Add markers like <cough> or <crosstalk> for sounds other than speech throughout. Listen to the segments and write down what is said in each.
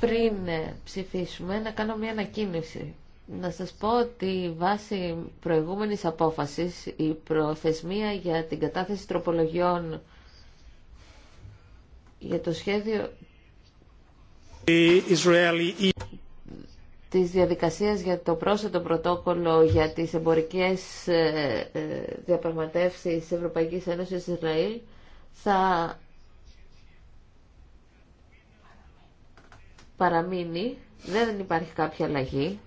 Πριν ε, ψηφίσουμε, να κάνω μια ανακοίνωση. Να σας πω ότι βάσει προηγούμενης απόφασης η προθεσμία για την κατάθεση τροπολογιών για το σχέδιο της διαδικασίας για το πρόσθετο πρωτόκολλο για τις εμπορικές ε, ε, διαπραγματεύσεις της Ευρωπαϊκής Ένωσης Ισραήλ θα παραμείνει, δεν υπάρχει κάποια αλλαγή.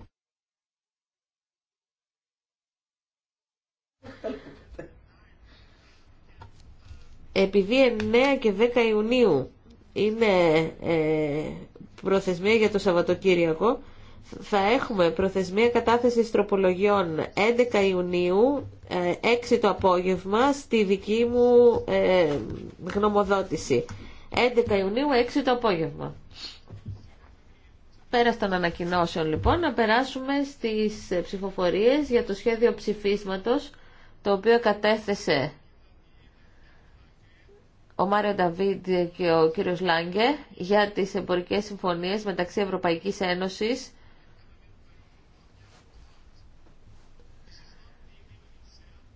Επειδή 9 και 10 Ιουνίου είναι ε, προθεσμία για το Σαββατοκύριακο. Θα έχουμε προθεσμία κατάθεσης τροπολογιών 11 Ιουνίου, 6 ε, το απόγευμα, στη δική μου ε, γνωμοδότηση. 11 Ιουνίου, 6 το απόγευμα. Πέρα των ανακοινώσεων λοιπόν, να περάσουμε στις ε, ψηφοφορίες για το σχέδιο ψηφίσματος, το οποίο κατέθεσε ο Μάριο Νταβίδ και ο κύριος Λάγκε για τις εμπορικές συμφωνίες μεταξύ Ευρωπαϊκής Ένωσης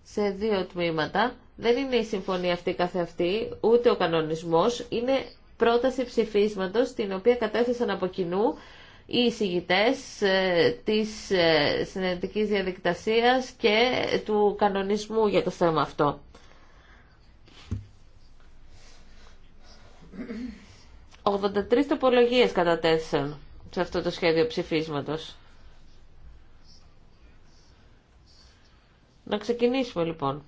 σε δύο τμήματα. Δεν είναι η συμφωνία αυτή καθεαυτή, ούτε ο κανονισμός. Είναι πρόταση ψηφίσματος, την οποία κατέθεσαν από κοινού οι εισηγητές ε, της ε, συνεδρικής διαδικτασίας και του κανονισμού για το θέμα αυτό. 83 τοπολογίες κατατέθησαν σε αυτό το σχέδιο ψηφίσματος. Να ξεκινήσουμε λοιπόν.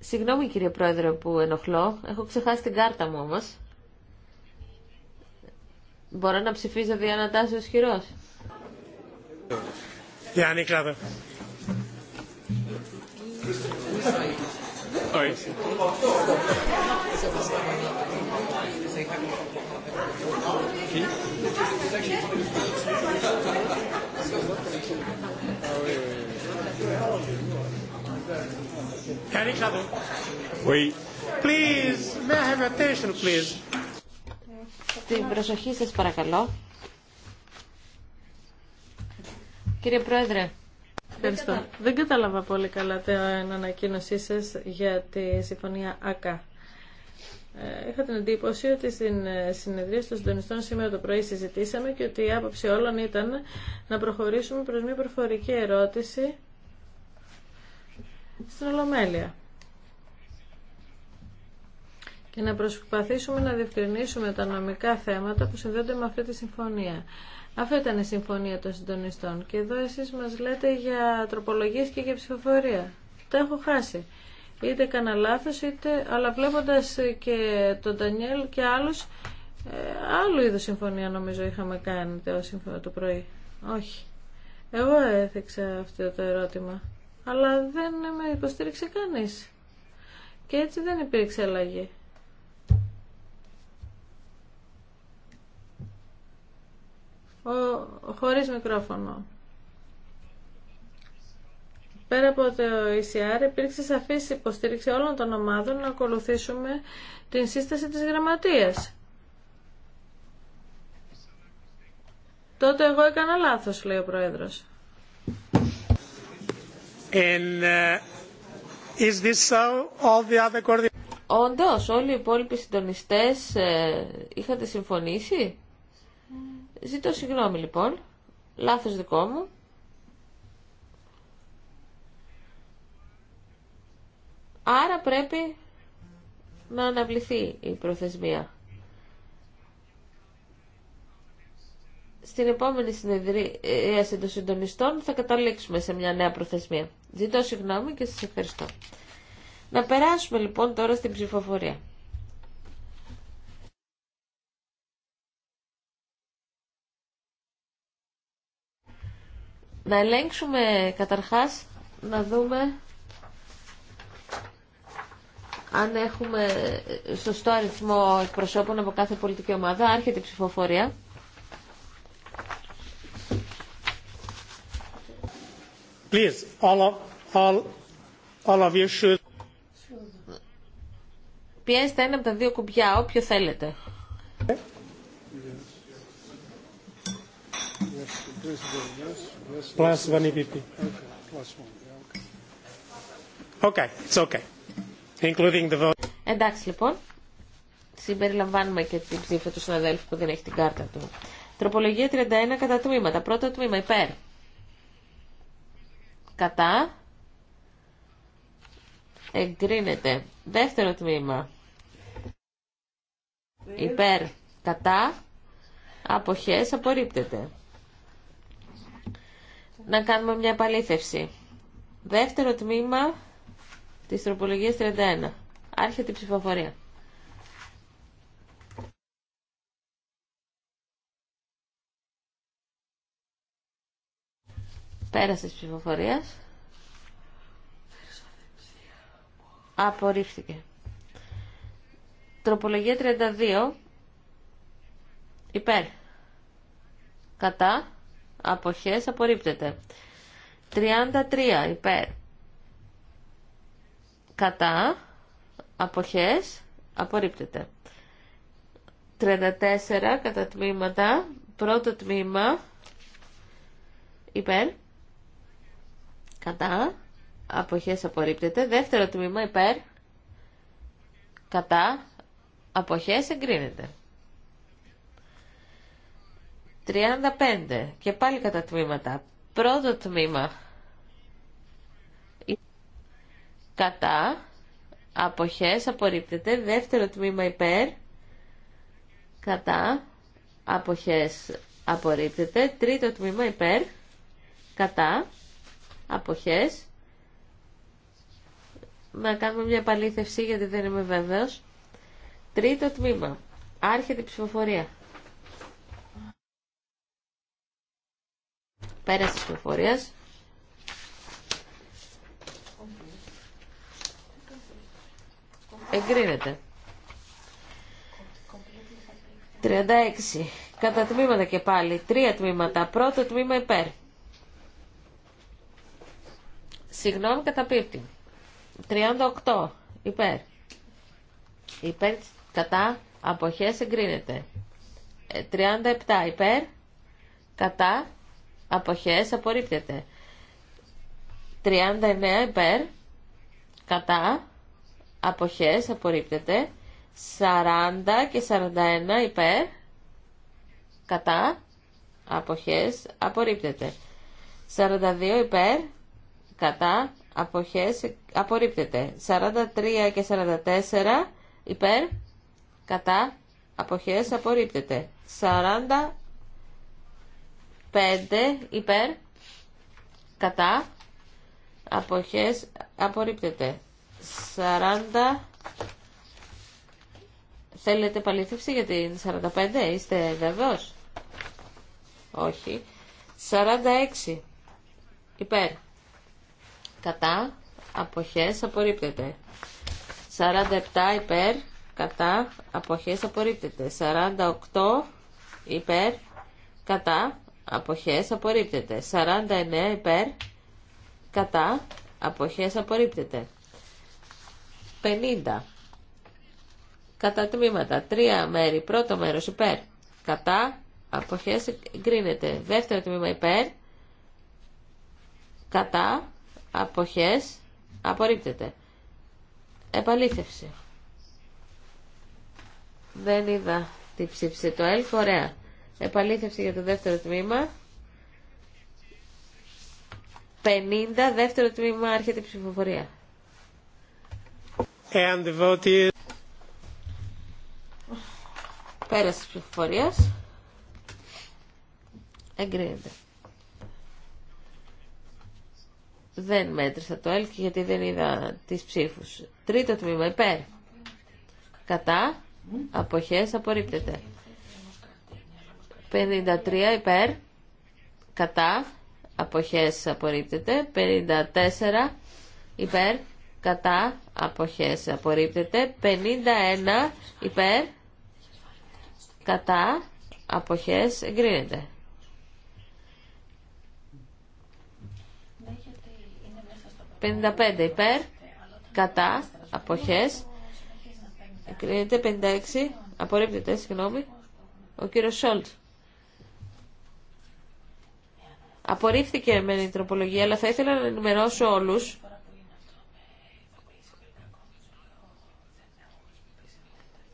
Συγγνώμη κύριε Πρόεδρε που ενοχλώ, έχω ξεχάσει την κάρτα μου όμως. Μπορώ να ψηφίζω δια ανατάσεως χειρός. Yeah, προσοχή παρακαλώ. Κύριε Πρόεδρε, Ευχαριστώ. Δεν κατάλαβα πολύ καλά την ανακοίνωσή σα για τη συμφωνία ΑΚΑ. Ε, είχα την εντύπωση ότι στην ε, συνεδρία των συντονιστών σήμερα το πρωί συζητήσαμε και ότι η άποψη όλων ήταν να προχωρήσουμε προς μια προφορική ερώτηση στην Ολομέλεια και να προσπαθήσουμε να διευκρινίσουμε τα νομικά θέματα που συνδέονται με αυτή τη συμφωνία. Αυτή ήταν η συμφωνία των συντονιστών. Και εδώ εσείς μας λέτε για τροπολογίες και για ψηφοφορία. Τα έχω χάσει. Είτε έκανα λάθος, είτε... Αλλά βλέποντας και τον Ντανιέλ και άλλους, ε, άλλου είδους συμφωνία νομίζω είχαμε κάνει το πρωί. Όχι. Εγώ έθεξα αυτό το ερώτημα. Αλλά δεν με υποστήριξε κανείς. Και έτσι δεν υπήρξε αλλαγή. ο, χωρίς μικρόφωνο. Πέρα από το ECR υπήρξε σαφής υποστήριξη όλων των ομάδων να ακολουθήσουμε την σύσταση της γραμματείας. Τότε εγώ έκανα λάθος, λέει ο Πρόεδρος. And, uh, Όντως, όλοι οι υπόλοιποι συντονιστές ε, είχατε συμφωνήσει. Ζητώ συγγνώμη λοιπόν. Λάθος δικό μου. Άρα πρέπει να αναβληθεί η προθεσμία. Στην επόμενη συνεδρίαση των συντονιστών θα καταλήξουμε σε μια νέα προθεσμία. Ζητώ συγγνώμη και σας ευχαριστώ. Να περάσουμε λοιπόν τώρα στην ψηφοφορία. Να ελέγξουμε καταρχάς, να δούμε αν έχουμε σωστό αριθμό εκπροσώπων από κάθε πολιτική ομάδα. Άρχεται η ψηφοφορία. Please, all, all, all of you should... Πιέστε ένα από τα δύο κουμπιά, όποιο θέλετε. Ε, Plus e Okay, it's okay. Including the vote. Εντάξει λοιπόν, συμπεριλαμβάνουμε και την ψήφα του συναδέλφου που δεν έχει την κάρτα του. Τροπολογία 31 κατά τμήματα. Πρώτο τμήμα υπέρ. Κατά. Εγκρίνεται. Δεύτερο τμήμα. Υπέρ. Κατά. Αποχές απορρίπτεται να κάνουμε μια επαλήθευση. Δεύτερο τμήμα της τροπολογίας 31. Άρχεται η ψηφοφορία. Πέρασε της ψηφοφορία. Απορρίφθηκε. Τροπολογία 32. Υπέρ. Κατά αποχές απορρίπτεται. 33 υπέρ κατά αποχές απορρίπτεται. 34 κατά τμήματα, πρώτο τμήμα υπέρ κατά αποχές απορρίπτεται. Δεύτερο τμήμα υπέρ κατά αποχές εγκρίνεται. 35 και πάλι κατά τμήματα. Πρώτο τμήμα κατά αποχές απορρίπτεται. Δεύτερο τμήμα υπέρ κατά αποχές απορρίπτεται. Τρίτο τμήμα υπέρ κατά αποχές να κάνουμε μια επαλήθευση γιατί δεν είμαι βέβαιος. Τρίτο τμήμα. Άρχεται η ψηφοφορία. Πέρα τη πληροφορία. Εγκρίνεται. 36. Κατά τμήματα και πάλι. Τρία τμήματα. Πρώτο τμήμα υπέρ. Συγγνώμη πίπτη. 38. Υπέρ. Υπέρ κατά αποχές εγκρίνεται. 37. Ε, υπέρ. Κατά αποχές απορρίπτεται. 39 υπέρ, κατά, αποχές απορρίπτεται. 40 και 41 υπέρ, κατά, αποχές απορρίπτεται. 42 υπέρ, κατά, αποχές απορρίπτεται. 43 και 44 υπέρ, κατά, αποχές απορρίπτεται. 5 υπέρ, κατά, αποχές, απορρίπτεται. 40, θέλετε παλήθευση γιατί την 45, είστε βεβαίως. Όχι. 46, υπέρ, κατά, αποχές, απορρίπτεται. 47 υπέρ, κατά, αποχές απορρίπτεται. 48 υπέρ, κατά, αποχές απορρίπτεται. 49 υπέρ, κατά, αποχές απορρίπτεται. 50. Κατά τμήματα. Τρία μέρη. Πρώτο μέρος υπέρ. Κατά. Αποχές εγκρίνεται. Δεύτερο τμήμα υπέρ. Κατά. Αποχές απορρίπτεται. Επαλήθευση. Δεν είδα τι ψήφισε το Ελφ Ωραία. Επαλήθευση για το δεύτερο τμήμα. 50, δεύτερο τμήμα, άρχεται η ψηφοφορία. And the vote is... Πέρασε της ψηφοφορίας. Εγκρίνεται. Δεν μέτρησα το έλκη γιατί δεν είδα τις ψήφους. Τρίτο τμήμα, υπέρ. Κατά, αποχές, απορρίπτεται. 53 υπέρ, κατά, αποχές απορρίπτεται. 54 υπέρ, κατά, αποχές απορρίπτεται. 51 υπέρ, κατά, αποχές εγκρίνεται. 55 υπέρ, κατά, αποχές, εγκρίνεται. 56, απορρίπτεται, συγγνώμη, ο κύριος Σόλτ. Απορρίφθηκε με την τροπολογία, αλλά θα ήθελα να ενημερώσω όλους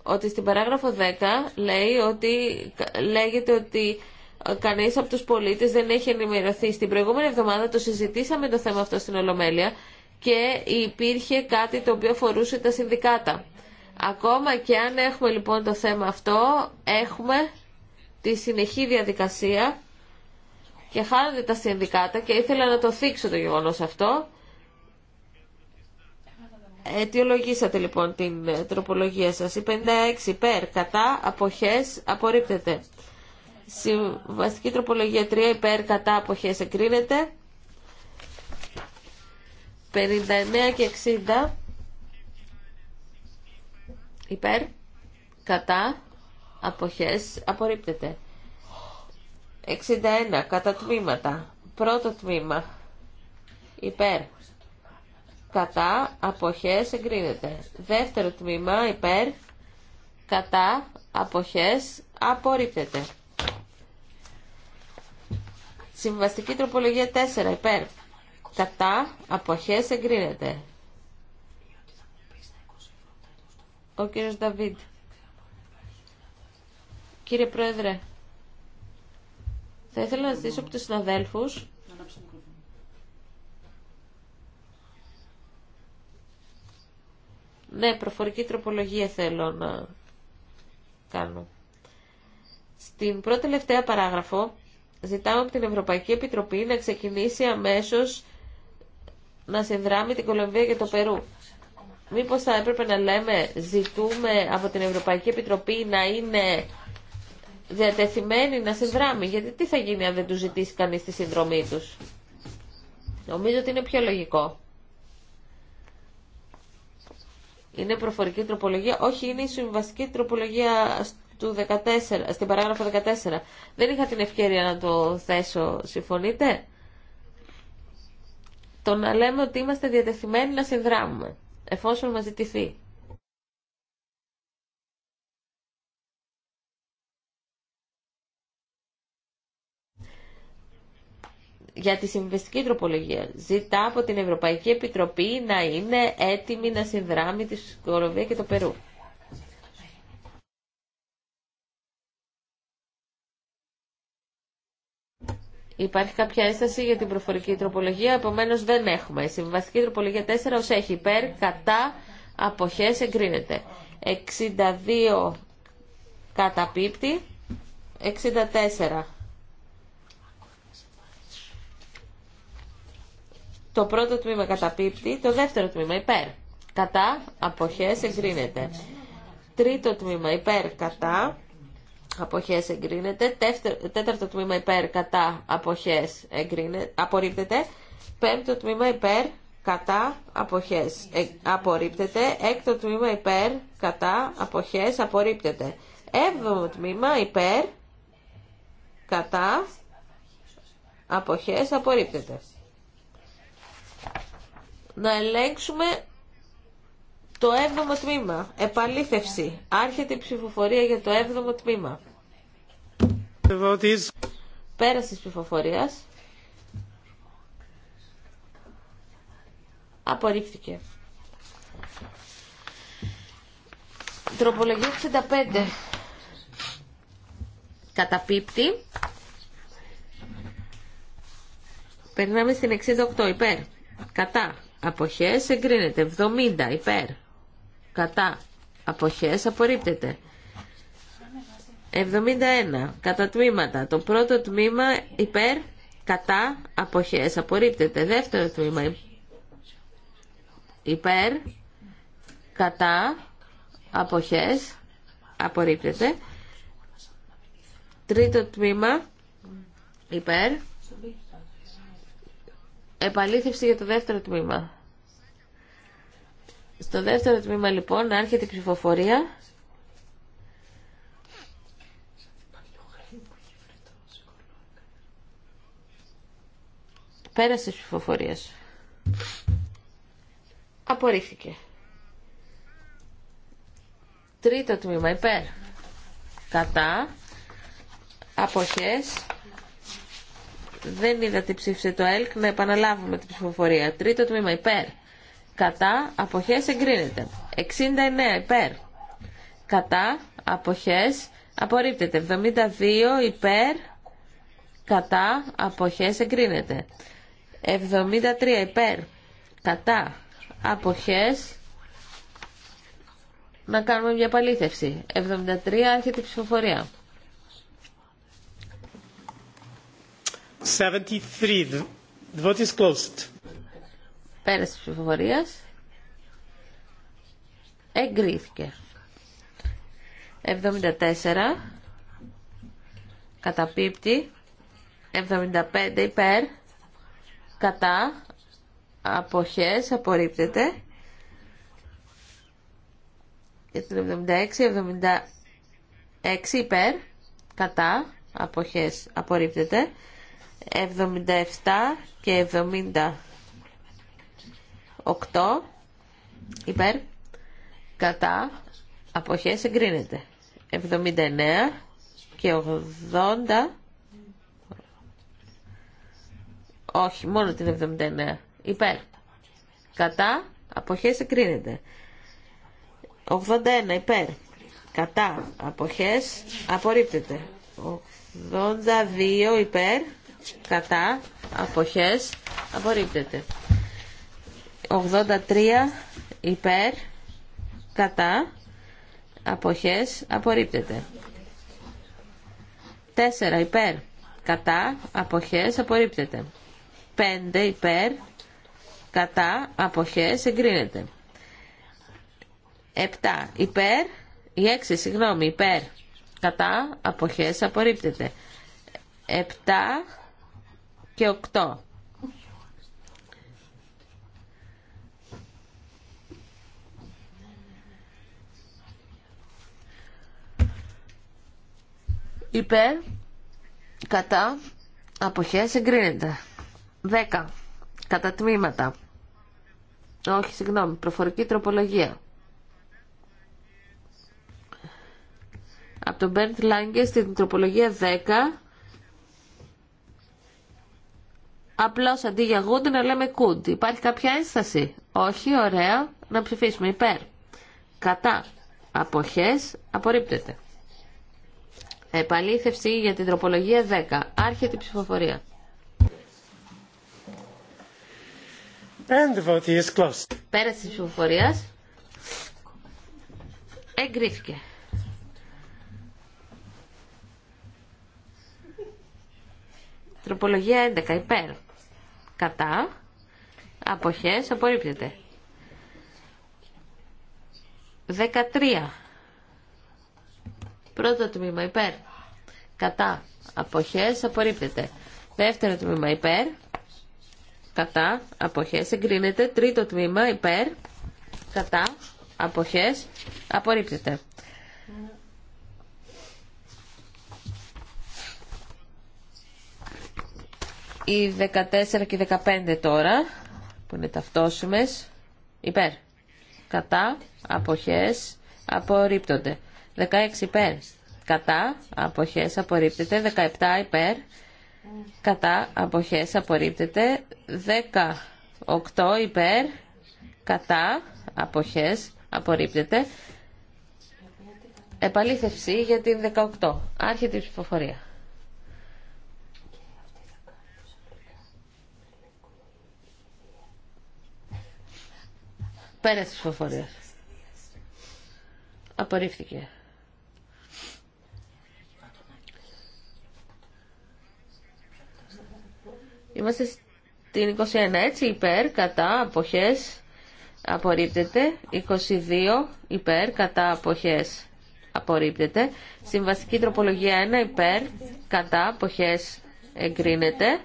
ότι στην παράγραφο 10 λέει ότι, λέγεται ότι κανείς από τους πολίτες δεν έχει ενημερωθεί. Στην προηγούμενη εβδομάδα το συζητήσαμε το θέμα αυτό στην Ολομέλεια και υπήρχε κάτι το οποίο αφορούσε τα συνδικάτα. Ακόμα και αν έχουμε λοιπόν το θέμα αυτό, έχουμε τη συνεχή διαδικασία και χάνονται τα συνδικάτα και ήθελα να το θίξω το γεγονός αυτό. Αιτιολογήσατε λοιπόν την ε, τροπολογία σας. Η 56 υπέρ, κατά, αποχές, απορρίπτεται. Συμβαστική τροπολογία 3 υπέρ, κατά, αποχές, εγκρίνεται. 59 και 60 υπέρ, κατά, αποχές, απορρίπτεται. 61. Κατά τμήματα. Πρώτο τμήμα. Υπέρ. Κατά. Αποχές. Εγκρίνεται. Δεύτερο τμήμα. Υπέρ. Κατά. Αποχές. Απορρίπτεται. Συμβαστική τροπολογία 4. Υπέρ. Κατά. Αποχές. Εγκρίνεται. Ο κύριος Νταβίτ. Κύριε Πρόεδρε, θα ήθελα να ζητήσω από τους συναδέλφους Ναι, προφορική τροπολογία θέλω να κάνω. Στην πρώτη τελευταία παράγραφο ζητάω από την Ευρωπαϊκή Επιτροπή να ξεκινήσει αμέσως να συνδράμει την Κολομβία και το Περού. Μήπως θα έπρεπε να λέμε ζητούμε από την Ευρωπαϊκή Επιτροπή να είναι διατεθειμένοι να συνδράμει, γιατί τι θα γίνει αν δεν του ζητήσει κανείς τη συνδρομή τους. Νομίζω ότι είναι πιο λογικό. Είναι προφορική τροπολογία, όχι είναι η συμβαστική τροπολογία του 14, στην παράγραφο 14. Δεν είχα την ευκαιρία να το θέσω, συμφωνείτε. Το να λέμε ότι είμαστε διατεθειμένοι να συνδράμουμε, εφόσον μας ζητηθεί. για τη συμβιβαστική τροπολογία. Ζητά από την Ευρωπαϊκή Επιτροπή να είναι έτοιμη να συνδράμει τη Κολομβία και το Περού. Υπάρχει κάποια έσταση για την προφορική τροπολογία, επομένω δεν έχουμε. Η συμβιβαστική τροπολογία 4 ως έχει υπέρ, κατά, αποχές εγκρίνεται. 62 καταπίπτει, 64 Το πρώτο τμήμα καταπίπτει, το δεύτερο τμήμα υπέρ. Κατά, αποχές, εγκρίνεται. Τρίτο τμήμα υπέρ, κατά, αποχές, εγκρίνεται. Τέταρτο τμήμα υπέρ, κατά, αποχές, εγκρίνεται. Απορρίπτεται. Πέμπτο τμήμα υπέρ, κατά, αποχές, ε, απορρίπτεται. Έκτο τμήμα υπέρ, κατά, αποχές, απορρίπτεται. Έβδομο τμήμα υπέρ, κατά, αποχές, απορρίπτεται να ελέγξουμε το 7ο τμήμα. Επαλήθευση. Άρχεται η ψηφοφορία για το 7ο τμήμα. Πέραση της ψηφοφορίας. Απορρίφθηκε. Τροπολογία 65. Καταπίπτει. Περνάμε στην 68. Υπέρ. Κατά αποχές εγκρίνεται 70 υπέρ κατά αποχές απορρίπτεται 71 κατά τμήματα το πρώτο τμήμα υπέρ κατά αποχές απορρίπτεται δεύτερο τμήμα υπέρ κατά αποχές απορρίπτεται τρίτο τμήμα υπέρ Επαλήθευση για το δεύτερο τμήμα. Στο δεύτερο τμήμα λοιπόν έρχεται η ψηφοφορία. Πέρασε ψηφοφορία. Απορρίφθηκε. Τρίτο τμήμα υπέρ. Κατά. Αποχές. Δεν είδα τι ψήφισε το ΕΛΚ. Να επαναλάβουμε την ψηφοφορία. Τρίτο τμήμα υπέρ. Κατά αποχές εγκρίνεται. 69 υπέρ. Κατά αποχές απορρίπτεται. 72 υπέρ. Κατά αποχές εγκρίνεται. 73 υπέρ. Κατά αποχές να κάνουμε μια παλήθευση. 73 έρχεται η ψηφοφορία. 73. Πέρασε τη ψηφοφορία. Εγκρίθηκε. 74. Καταπίπτει. 75 υπέρ. Κατά. Αποχές. Απορρίπτεται. το 76. 76 υπέρ. Κατά. Αποχές. Απορρίπτεται. 77 και 78 υπέρ κατά αποχές εγκρίνεται 79 και 80 όχι μόνο την 79 υπέρ κατά αποχές εγκρίνεται 81 υπέρ κατά αποχές απορρίπτεται 82 υπέρ κατά, αποχές, απορρίπτεται. 83 υπέρ, κατά, αποχές, απορρίπτεται. 4 υπέρ, κατά, αποχές, απορρίπτεται. 5 υπέρ, κατά, αποχές, εγκρίνεται. 7 υπέρ, η 6 συγγνώμη, υπέρ, κατά, αποχές, απορρίπτεται. 7 και 8. Υπέρ, κατά, αποχές εγκρίνεται. 10. Κατά τμήματα. Όχι, συγγνώμη, προφορική τροπολογία. Από τον Μπέρντ Λάγκε στην τροπολογία 10 Απλώ αντί για good να λέμε κούντ. Υπάρχει κάποια ένσταση. Όχι, ωραία. Να ψηφίσουμε υπέρ. Κατά. απόχέ Απορρίπτεται. Επαλήθευση για την τροπολογία 10. Άρχεται η ψηφοφορία. And vote Πέρασε τη ψηφοφορία. Εγκρίθηκε. Τροπολογία 11. Υπέρ. Κατά. Αποχές. Απορρίπτεται. 13. Πρώτο τμήμα υπέρ. Κατά. Αποχές. Απορρίπτεται. Δεύτερο τμήμα υπέρ. Κατά. Αποχές. Εγκρίνεται. Τρίτο τμήμα υπέρ. Κατά. Αποχές. Απορρίπτεται. Οι 14 και 15 τώρα, που είναι ταυτόσιμες, υπέρ. Κατά, αποχές, απορρίπτονται. 16 υπέρ. Κατά, αποχές, απορρίπτεται. 17 υπέρ. Κατά, αποχές, απορρίπτεται. 18 υπέρ. Κατά, αποχές, απορρίπτεται. Επαλήθευση για την 18. Άρχεται η ψηφοφορία. Πέρα της ψηφοφορίας. Απορρίφθηκε. Είμαστε στην 21, έτσι, υπέρ, κατά, αποχές, απορρίπτεται. 22, υπέρ, κατά, αποχές, απορρίπτεται. Συμβαστική τροπολογία 1, υπέρ, κατά, αποχές, εγκρίνεται.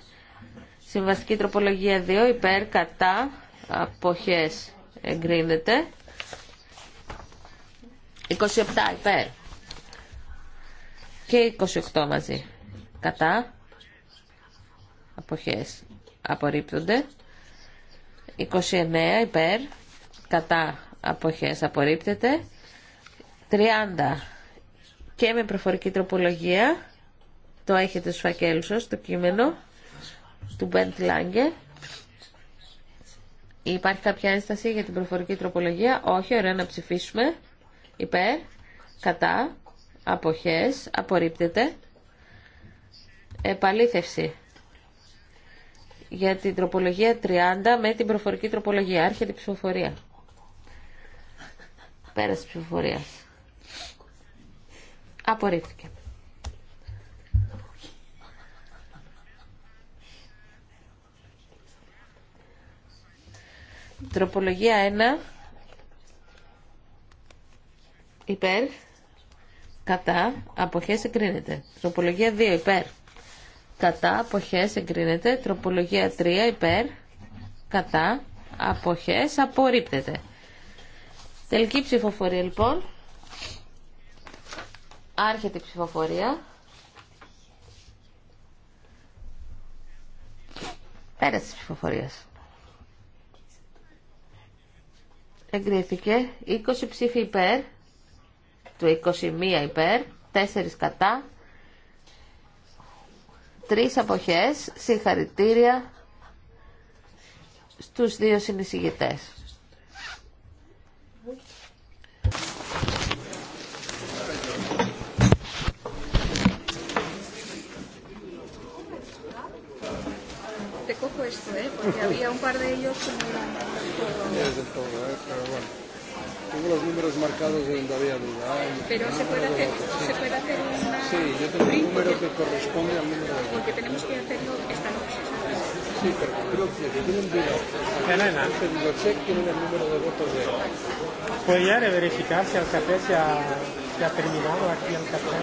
Συμβαστική τροπολογία 2, υπέρ, κατά, αποχές, εγκρίνεται. 27 υπέρ. Και 28 μαζί. Κατά. Αποχές απορρίπτονται. 29 υπέρ. Κατά. Αποχές απορρίπτεται. 30 και με προφορική τροπολογία. Το έχετε στους φακέλους το κείμενο του Μπεντ Λάγκε. Υπάρχει κάποια ένσταση για την προφορική τροπολογία. Όχι, ωραία να ψηφίσουμε. Υπέρ, κατά, αποχές, απορρίπτεται. Επαλήθευση. Για την τροπολογία 30 με την προφορική τροπολογία. Άρχεται η ψηφοφορία. πέραση ψηφοφορία. Απορρίφθηκε. Τροπολογία 1. Υπέρ. Κατά. Αποχές εγκρίνεται. Τροπολογία 2. Υπέρ. Κατά. Αποχές εγκρίνεται. Τροπολογία 3. Υπέρ. Κατά. Αποχές απορρίπτεται. Τελική ψηφοφορία λοιπόν. Άρχεται η ψηφοφορία. Πέρασε τη ψηφοφορία. εγκρίθηκε 20 ψήφοι υπέρ, του 21 υπέρ, 4 κατά, 3 αποχές, συγχαρητήρια στους δύο συνεισηγητές. puesto, ¿eh? Porque había un par de ellos que no eran del todo. ¿eh? Pero bueno. Tengo los números marcados de donde había duda. Pero se puede hacer, se puede hacer una... Sí, yo tengo un número que corresponde al número de... Porque tenemos que hacerlo esta noche. Sí, pero creo que tienen duda. Elena. Lo check tienen el número de votos de... Puede verificar si el café se ha, se ha terminado aquí el café.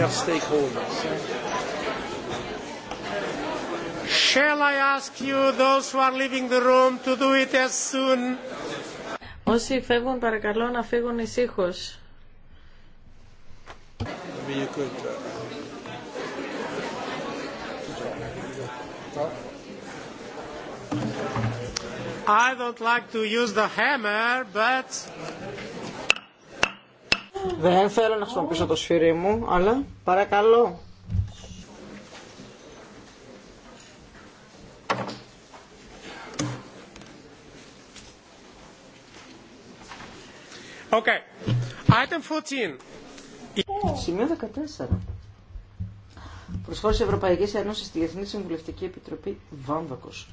have stakeholders. Shall I ask you, those who are leaving the room, to do it as soon? Όσοι φεύγουν, παρακαλώ να φύγουν ησύχως. I don't like to use the hammer, but δεν θέλω να χρησιμοποιήσω το σφυρί μου, αλλά παρακαλώ. Okay. Item 14. Σημείο 14. Προσφόρηση Ευρωπαϊκή Ένωση στη Διεθνή Συμβουλευτική Επιτροπή Βάμβακος.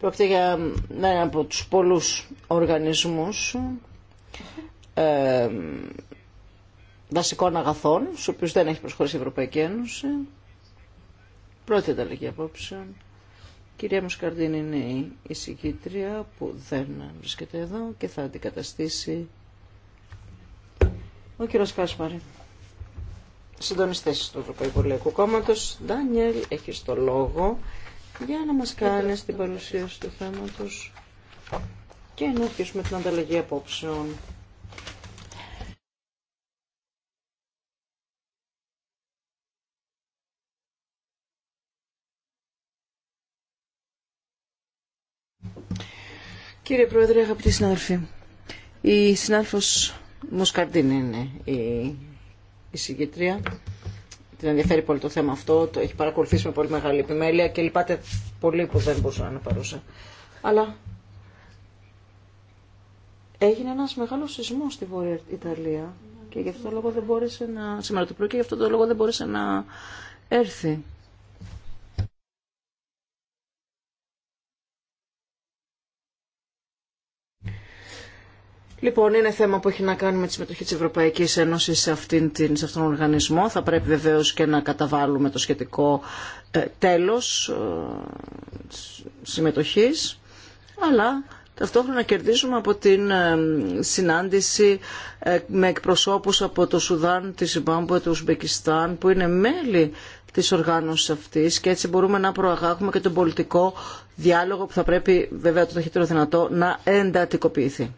Πρόκειται για ένα από τους πολλούς οργανισμούς ε, δασικών αγαθών, στους οποίους δεν έχει προσχωρήσει η Ευρωπαϊκή Ένωση. Πρώτη ανταλλαγή απόψεων. Κυρία Μουσκαρδίνη είναι η εισηγήτρια που δεν βρίσκεται εδώ και θα αντικαταστήσει ο κύριος Κάσπαρη. Συντονιστές του Ευρωπαϊκού Λαϊκού Κόμματος, Ντάνιελ, έχει το λόγο για να μας κάνει την παρουσίαση του θέματος και να αρχίσουμε την ανταλλαγή απόψεων. Κύριε Πρόεδρε, αγαπητοί συνάδελφοι, η συνάδελφος Μοσκαρντίν είναι η, η την ενδιαφέρει πολύ το θέμα αυτό, το έχει παρακολουθήσει με πολύ μεγάλη επιμέλεια και λυπάται πολύ που δεν μπορούσε να είναι παρούσα. Αλλά έγινε ένας μεγάλος σεισμός στη Βόρεια Ιταλία και γι' αυτό το λόγο δεν μπόρεσε να... Σήμερα το πρωί και γι' αυτό το λόγο δεν μπόρεσε να έρθει. Λοιπόν, είναι θέμα που έχει να κάνει με τη συμμετοχή τη Ευρωπαϊκή Ένωση σε, αυτήν την, σε αυτόν τον οργανισμό. Θα πρέπει βεβαίω και να καταβάλουμε το σχετικό ε, τέλος ε, συμμετοχής, αλλά ταυτόχρονα κερδίζουμε από την ε, συνάντηση ε, με εκπροσώπους από το Σουδάν, τη Ζιμπάμπουε, το Ουσμπεκιστάν, που είναι μέλη τη οργάνωση αυτή, και έτσι μπορούμε να προαγάγουμε και τον πολιτικό διάλογο που θα πρέπει βέβαια το ταχύτερο δυνατό να εντατικοποιηθεί.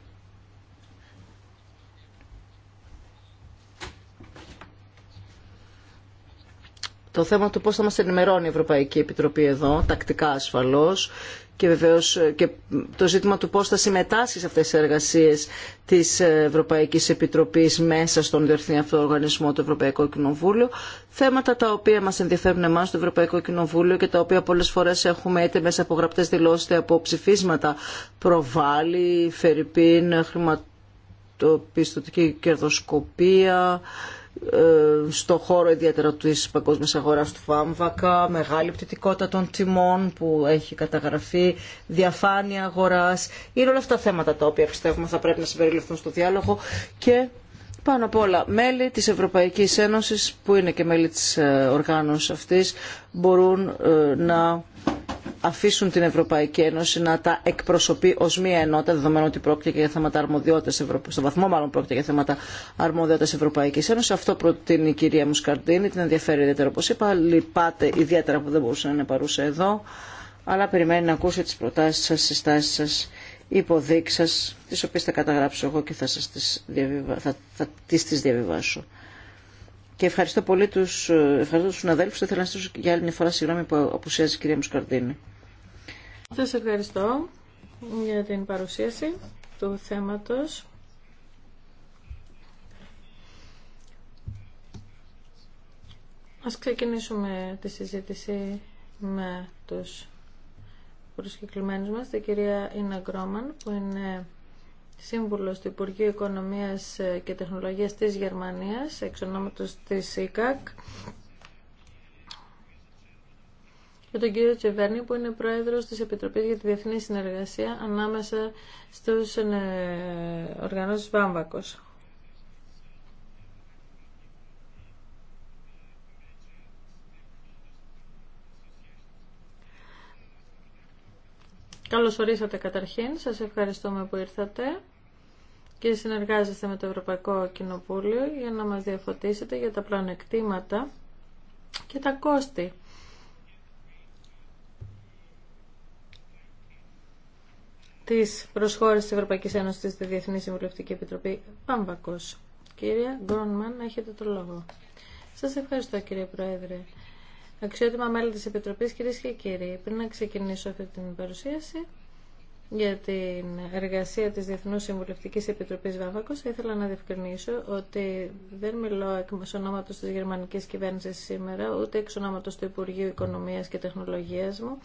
το θέμα του πώς θα μας ενημερώνει η Ευρωπαϊκή Επιτροπή εδώ, τακτικά ασφαλώς, και βεβαίως και το ζήτημα του πώς θα συμμετάσχει σε αυτές τις εργασίες της Ευρωπαϊκής Επιτροπής μέσα στον διεθνή αυτό οργανισμό του Ευρωπαϊκό Κοινοβούλιο. Θέματα τα οποία μας ενδιαφέρουν εμάς στο Ευρωπαϊκό Κοινοβούλιο και τα οποία πολλές φορές έχουμε είτε μέσα από γραπτές δηλώσεις είτε από ψηφίσματα προβάλλει, φερρυπίν, χρηματοπιστωτική κερδοσκοπία, ε, στο χώρο ιδιαίτερα τη παγκόσμιας αγορά του Φάμβακα, μεγάλη πτυτικότητα των τιμών που έχει καταγραφεί, διαφάνεια αγορά Είναι όλα αυτά θέματα τα οποία πιστεύουμε θα πρέπει να συμπεριληφθούν στο διάλογο και πάνω απ' όλα μέλη της Ευρωπαϊκής Ένωσης που είναι και μέλη της ε, οργάνωσης αυτής μπορούν ε, να αφήσουν την Ευρωπαϊκή Ένωση να τα εκπροσωπεί ω μία ενότητα, δεδομένου ότι πρόκειται για θέματα αρμοδιότητα, στο βαθμό μάλλον πρόκειται για θέματα αρμοδιότητα Ευρωπαϊκή Ένωση. Αυτό προτείνει η κυρία Μουσκαρντίνη, την ενδιαφέρει ιδιαίτερα όπω είπα. Λυπάται ιδιαίτερα που δεν μπορούσε να είναι παρούσα εδώ, αλλά περιμένει να ακούσει τι προτάσει σα, συστάσει σα, υποδείξει σα, τι οποίε θα καταγράψω εγώ και θα, σας τις, διαβιβα... θα, θα τις, τις διαβιβάσω. Και ευχαριστώ πολύ του ευχαριστώ τους συναδέλφου. Θα ήθελα να στήσω για άλλη μια φορά συγγνώμη που απουσιάζει η κυρία Μουσκαρδίνη. Σας ευχαριστώ για την παρουσίαση του θέματος. Ας ξεκινήσουμε τη συζήτηση με τους προσκεκλημένους μας, την κυρία Ινα Γκρόμαν, που είναι σύμβουλος του Υπουργείου Οικονομίας και Τεχνολογίας της Γερμανίας, εξ ονόματος της ΙΚΑΚ για τον κύριο Τσεβέρνη που είναι πρόεδρος της Επιτροπής για τη Διεθνή Συνεργασία ανάμεσα στους ε, οργανώσεις Βάμβακος. Καλώς ορίσατε καταρχήν, σας ευχαριστούμε που ήρθατε και συνεργάζεστε με το Ευρωπαϊκό Κοινοβούλιο για να μας διαφωτίσετε για τα πλανεκτήματα και τα κόστη Τη προσχώρηση τη Ευρωπαϊκή Ένωση στη Διεθνή Συμβουλευτική Επιτροπή Πάμβακο. Κύρια Γκρόνμαν, έχετε το λόγο. Σας ευχαριστώ κύριε Πρόεδρε. Αξιότιμα μέλη της Επιτροπής, κυρίε και κύριοι, πριν να ξεκινήσω αυτή την παρουσίαση, για την εργασία της Διεθνούς Συμβουλευτικής Επιτροπής Βάμβακος, ήθελα να διευκρινίσω ότι δεν μιλώ εξ ονόματος της γερμανικής κυβέρνησης σήμερα, ούτε εξ ονόματος του Υπουργείου Οικονομίας και Τεχνολογίας μου,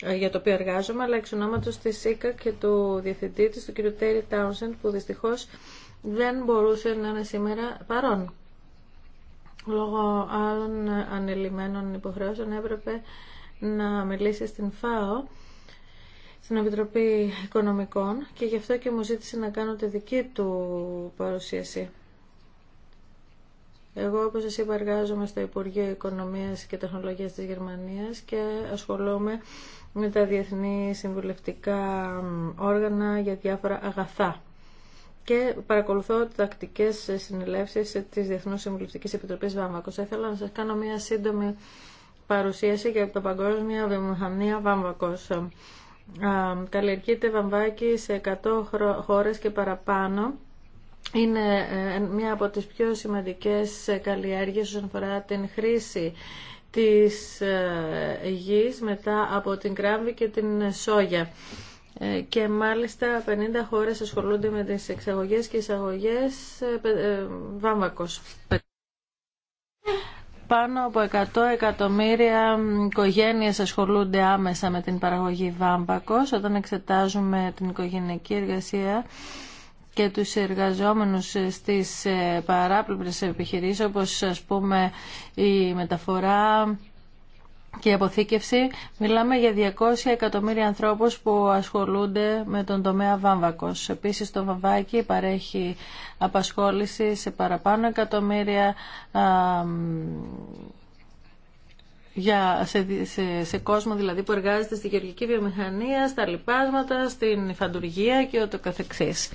ε, για το οποίο εργάζομαι, αλλά εξ ονόματος της ΣΥΚΑ και του διευθυντή της, του κ. Τέρι Τάουνσεν, που δυστυχώς δεν μπορούσε να είναι σήμερα παρόν. Λόγω άλλων ανελημμένων υποχρεώσεων έπρεπε να μιλήσει στην ΦΑΟ, στην Επιτροπή Οικονομικών και γι' αυτό και μου ζήτησε να κάνω τη δική του παρουσίαση. Εγώ, όπως σας είπα, εργάζομαι στο Υπουργείο Οικονομίας και Τεχνολογίας της Γερμανίας και ασχολούμαι με τα διεθνή συμβουλευτικά όργανα για διάφορα αγαθά και παρακολουθώ τακτικές συνελεύσεις της Διεθνούς Συμβουλευτικής Επιτροπής Βάμβακος. Θα ήθελα να σας κάνω μια σύντομη παρουσίαση για το παγκόσμια βιομηχανία Βάμβακος καλλιεργείται βαμβάκι σε 100 χώρες και παραπάνω. Είναι ε, μια από τις πιο σημαντικές καλλιέργειες όσον αφορά την χρήση της ε, γης μετά από την κράμβη και την σόγια. Ε, και μάλιστα 50 χώρες ασχολούνται με τις εξαγωγές και εισαγωγές βάμβακος πάνω από 100 εκατομμύρια οικογένειες ασχολούνται άμεσα με την παραγωγή βάμπακος. Όταν εξετάζουμε την οικογενειακή εργασία και τους εργαζόμενους στις παράπλευρες επιχειρήσεις όπως ας πούμε η μεταφορά και η αποθήκευση, μιλάμε για 200 εκατομμύρια ανθρώπους που ασχολούνται με τον τομέα βάμβακος. Επίσης το βαμβάκι παρέχει απασχόληση σε παραπάνω εκατομμύρια για, σε, σε, κόσμο δηλαδή που εργάζεται στη γεωργική βιομηχανία, στα λοιπάσματα, στην υφαντουργία και ούτω καθεξής.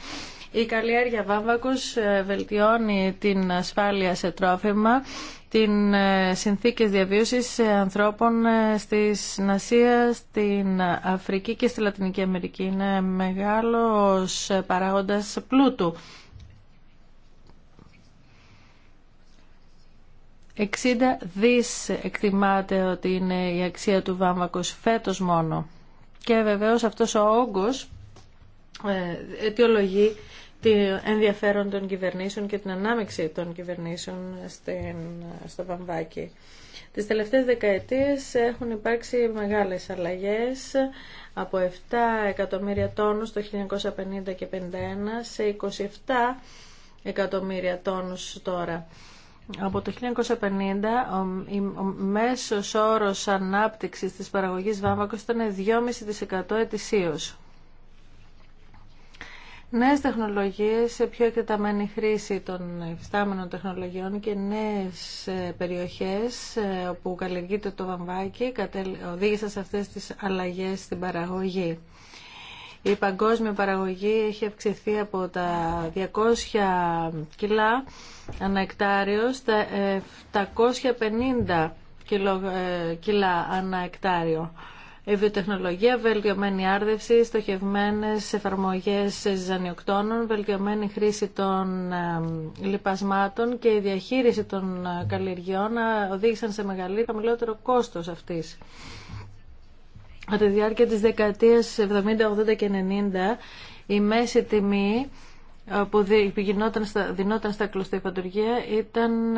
Η καλλιέργεια βάμβακους ε, βελτιώνει την ασφάλεια σε τρόφιμα, την ε, συνθήκες διαβίωσης ανθρώπων ε, στις Νασία, στην Αφρική και στη Λατινική Αμερική. Είναι μεγάλος παράγοντας πλούτου. 60 δις εκτιμάται ότι είναι η αξία του βάμβακος φέτος μόνο. Και βεβαίως αυτός ο όγκος ε, αιτιολογεί το ενδιαφέρον των κυβερνήσεων και την ανάμειξη των κυβερνήσεων στην, στο βαμβάκι. Τις τελευταίες δεκαετίες έχουν υπάρξει μεγάλες αλλαγές από 7 εκατομμύρια τόνους το 1950 και 51 σε 27 εκατομμύρια τόνους τώρα. Από το 1950 ο μέσος όρος ανάπτυξης της παραγωγής βάμβακος ήταν 2,5% ετησίως. Νέες τεχνολογίες, πιο εκτεταμένη χρήση των υφιστάμενων τεχνολογιών και νέες ε, περιοχές ε, όπου καλλιεργείται το βαμβάκι οδήγησαν σε αυτές τις αλλαγές στην παραγωγή. Η παγκόσμια παραγωγή έχει αυξηθεί από τα 200 κιλά ανά εκτάριο στα 750 ε, κιλά ανά βιοτεχνολογία, βελτιωμένη άρδευση, στοχευμένες εφαρμογές ζανιοκτώνων, βελτιωμένη χρήση των ε, λιπασμάτων και η διαχείριση των ε, καλλιεργειών οδήγησαν σε μεγαλύτερο χαμηλότερο κόστος αυτής. Από τη διάρκεια της δεκαετίας 70, 80 και 90 η μέση τιμή ε, που δινόταν στα, δινόταν στα ήταν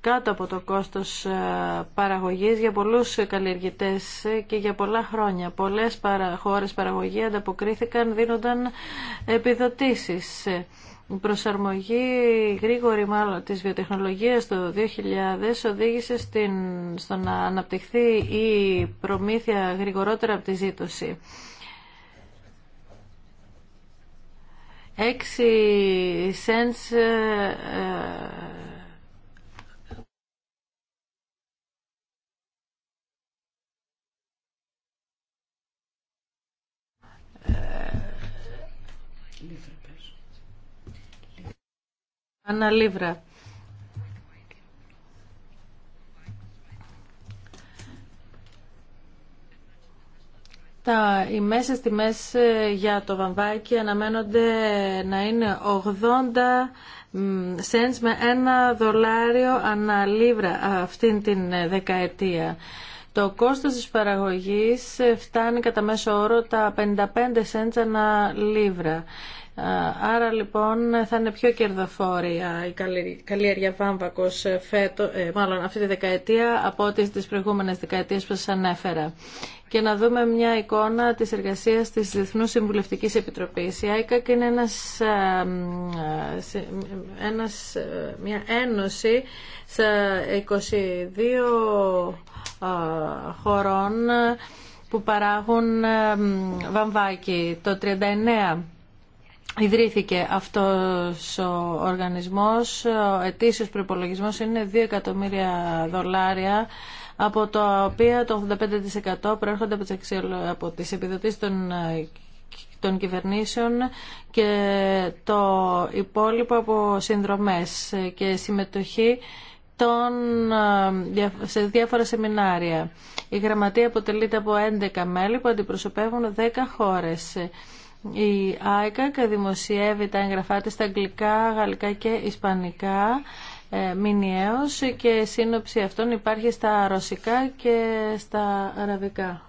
κάτω από το κόστος ε, παραγωγής για πολλούς καλλιεργητές ε, και για πολλά χρόνια. Πολλές χώρε χώρες παραγωγή ανταποκρίθηκαν δίνονταν επιδοτήσεις. Ε, η προσαρμογή γρήγορη μάλλον της βιοτεχνολογίας το 2000 οδήγησε στην... στο να αναπτυχθεί η προμήθεια γρηγορότερα από τη ζήτωση. Έξι Αναλύβρα. Τα, οι μέσες τιμές ε, για το βαμβάκι αναμένονται να είναι 80 σέντς με ένα δολάριο ανά λίβρα αυτήν την ε, δεκαετία. Το κόστος της παραγωγής ε, φτάνει κατά μέσο όρο τα 55 σέντς ανά λίβρα. Άρα λοιπόν θα είναι πιο κερδοφόρια η καλλιέργεια βάμβακος ε, φέτο, ε, μάλλον αυτή τη δεκαετία από ό,τι τις προηγούμενες δεκαετίες που σας ανέφερα. Και να δούμε μια εικόνα της εργασίας της Διεθνούς Συμβουλευτικής Επιτροπής. Η ΑΕΚΑΚ είναι ένας, ένας, μια ένωση σε 22 χωρών που παράγουν βαμβάκι. Το 39 Ιδρύθηκε αυτός ο οργανισμός, ο ετήσιος προϋπολογισμός είναι 2 εκατομμύρια δολάρια, από τα οποία το 85% προέρχονται από τις επιδοτήσεις των των κυβερνήσεων και το υπόλοιπο από συνδρομές και συμμετοχή των, σε διάφορα σεμινάρια. Η γραμματεία αποτελείται από 11 μέλη που αντιπροσωπεύουν 10 χώρες. Η ΆΕΚΑΚ δημοσιεύει τα έγγραφά της στα αγγλικά, γαλλικά και ισπανικά ε, μηνιαίως και σύνοψη αυτών υπάρχει στα ρωσικά και στα αραβικά.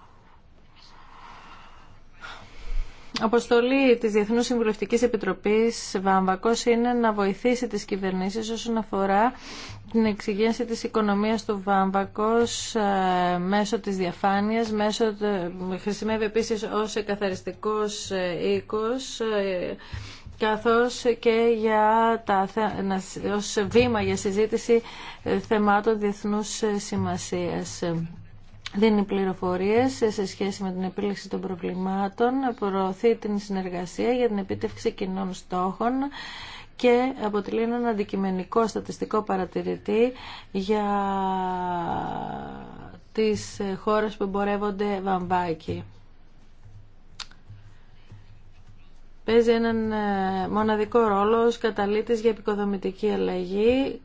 Αποστολή της Διεθνούς Συμβουλευτικής Επιτροπής Βάμβακος είναι να βοηθήσει τις κυβερνήσεις όσον αφορά την εξυγίανση της οικονομίας του βάμβακος ε, μέσω της διαφάνειας, μέσω, χρησιμεύει επίσης ως εκαθαριστικός ε, οίκος, ε, καθώς και για τα, ως βήμα για συζήτηση θεμάτων διεθνούς σημασίας. Δίνει πληροφορίες σε σχέση με την επίλυση των προβλημάτων, προωθεί την συνεργασία για την επίτευξη κοινών στόχων, και αποτελεί έναν αντικειμενικό στατιστικό παρατηρητή για τις χώρες που εμπορεύονται βαμβάκι. Παίζει έναν ε, μοναδικό ρόλο ως καταλήτης για επικοδομητική αλλαγή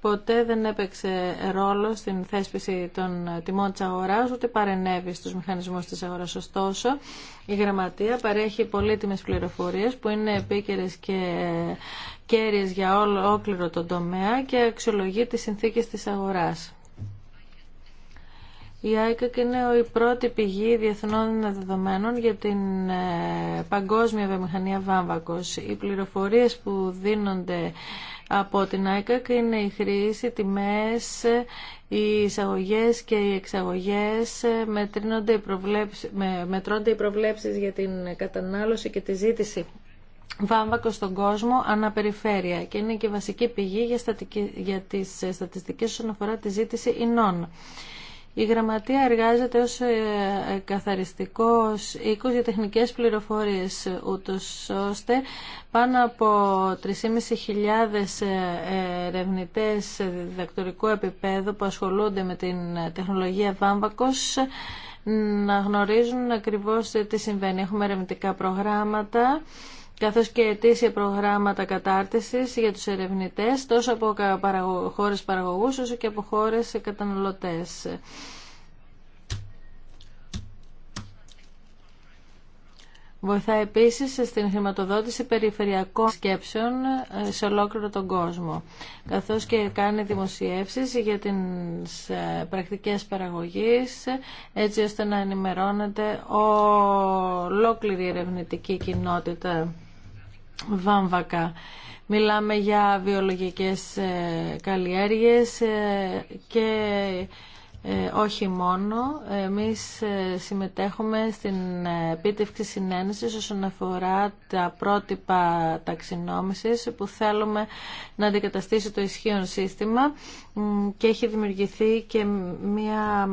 ποτέ δεν έπαιξε ρόλο στην θέσπιση των τιμών της αγοράς, ούτε παρενέβη στους μηχανισμούς της αγοράς. Ωστόσο, η Γραμματεία παρέχει πολύτιμες πληροφορίες που είναι επίκαιρες και ε, κέρυες για όλο όκληρο τον τομέα και αξιολογεί τις συνθήκες της αγοράς. Η ICAC είναι η πρώτη πηγή διεθνών δεδομένων για την ε, παγκόσμια βιομηχανία βάμβακος. Οι πληροφορίες που δίνονται από την ΑΕΚΑΚ είναι η χρήση, τιμές, οι εισαγωγές και οι εξαγωγές, μετρώνται οι προβλέψεις, μετρώνται οι προβλέψεις για την κατανάλωση και τη ζήτηση βάμβακο στον κόσμο αναπεριφέρεια και είναι και βασική πηγή για, στατική, για τις στατιστικές όσον αφορά τη ζήτηση ινών. Η γραμματεία εργάζεται ως ε, καθαριστικός οίκος για τεχνικές πληροφορίες, ούτως ώστε πάνω από 3.500 ε, ε, ερευνητέ διδακτορικού επίπεδου που ασχολούνται με την τεχνολογία βάμβακος να γνωρίζουν ακριβώς τι συμβαίνει. Έχουμε ερευνητικά προγράμματα καθώς και αιτήσια προγράμματα κατάρτισης για τους ερευνητές τόσο από χώρες παραγωγούς όσο και από χώρες καταναλωτές. Βοηθά επίσης στην χρηματοδότηση περιφερειακών σκέψεων ε, σε ολόκληρο τον κόσμο, καθώς και κάνει δημοσιεύσεις για τις ε, πρακτικές παραγωγής, έτσι ώστε να ενημερώνεται ολόκληρη η ερευνητική κοινότητα βάμβακα. Μιλάμε για βιολογικές ε, καλλιέργειες ε, και ε, όχι μόνο. Εμείς συμμετέχουμε στην επίτευξη συνένεσης όσον αφορά τα πρότυπα ταξινόμησης που θέλουμε να αντικαταστήσει το ισχύον σύστημα και έχει δημιουργηθεί και μια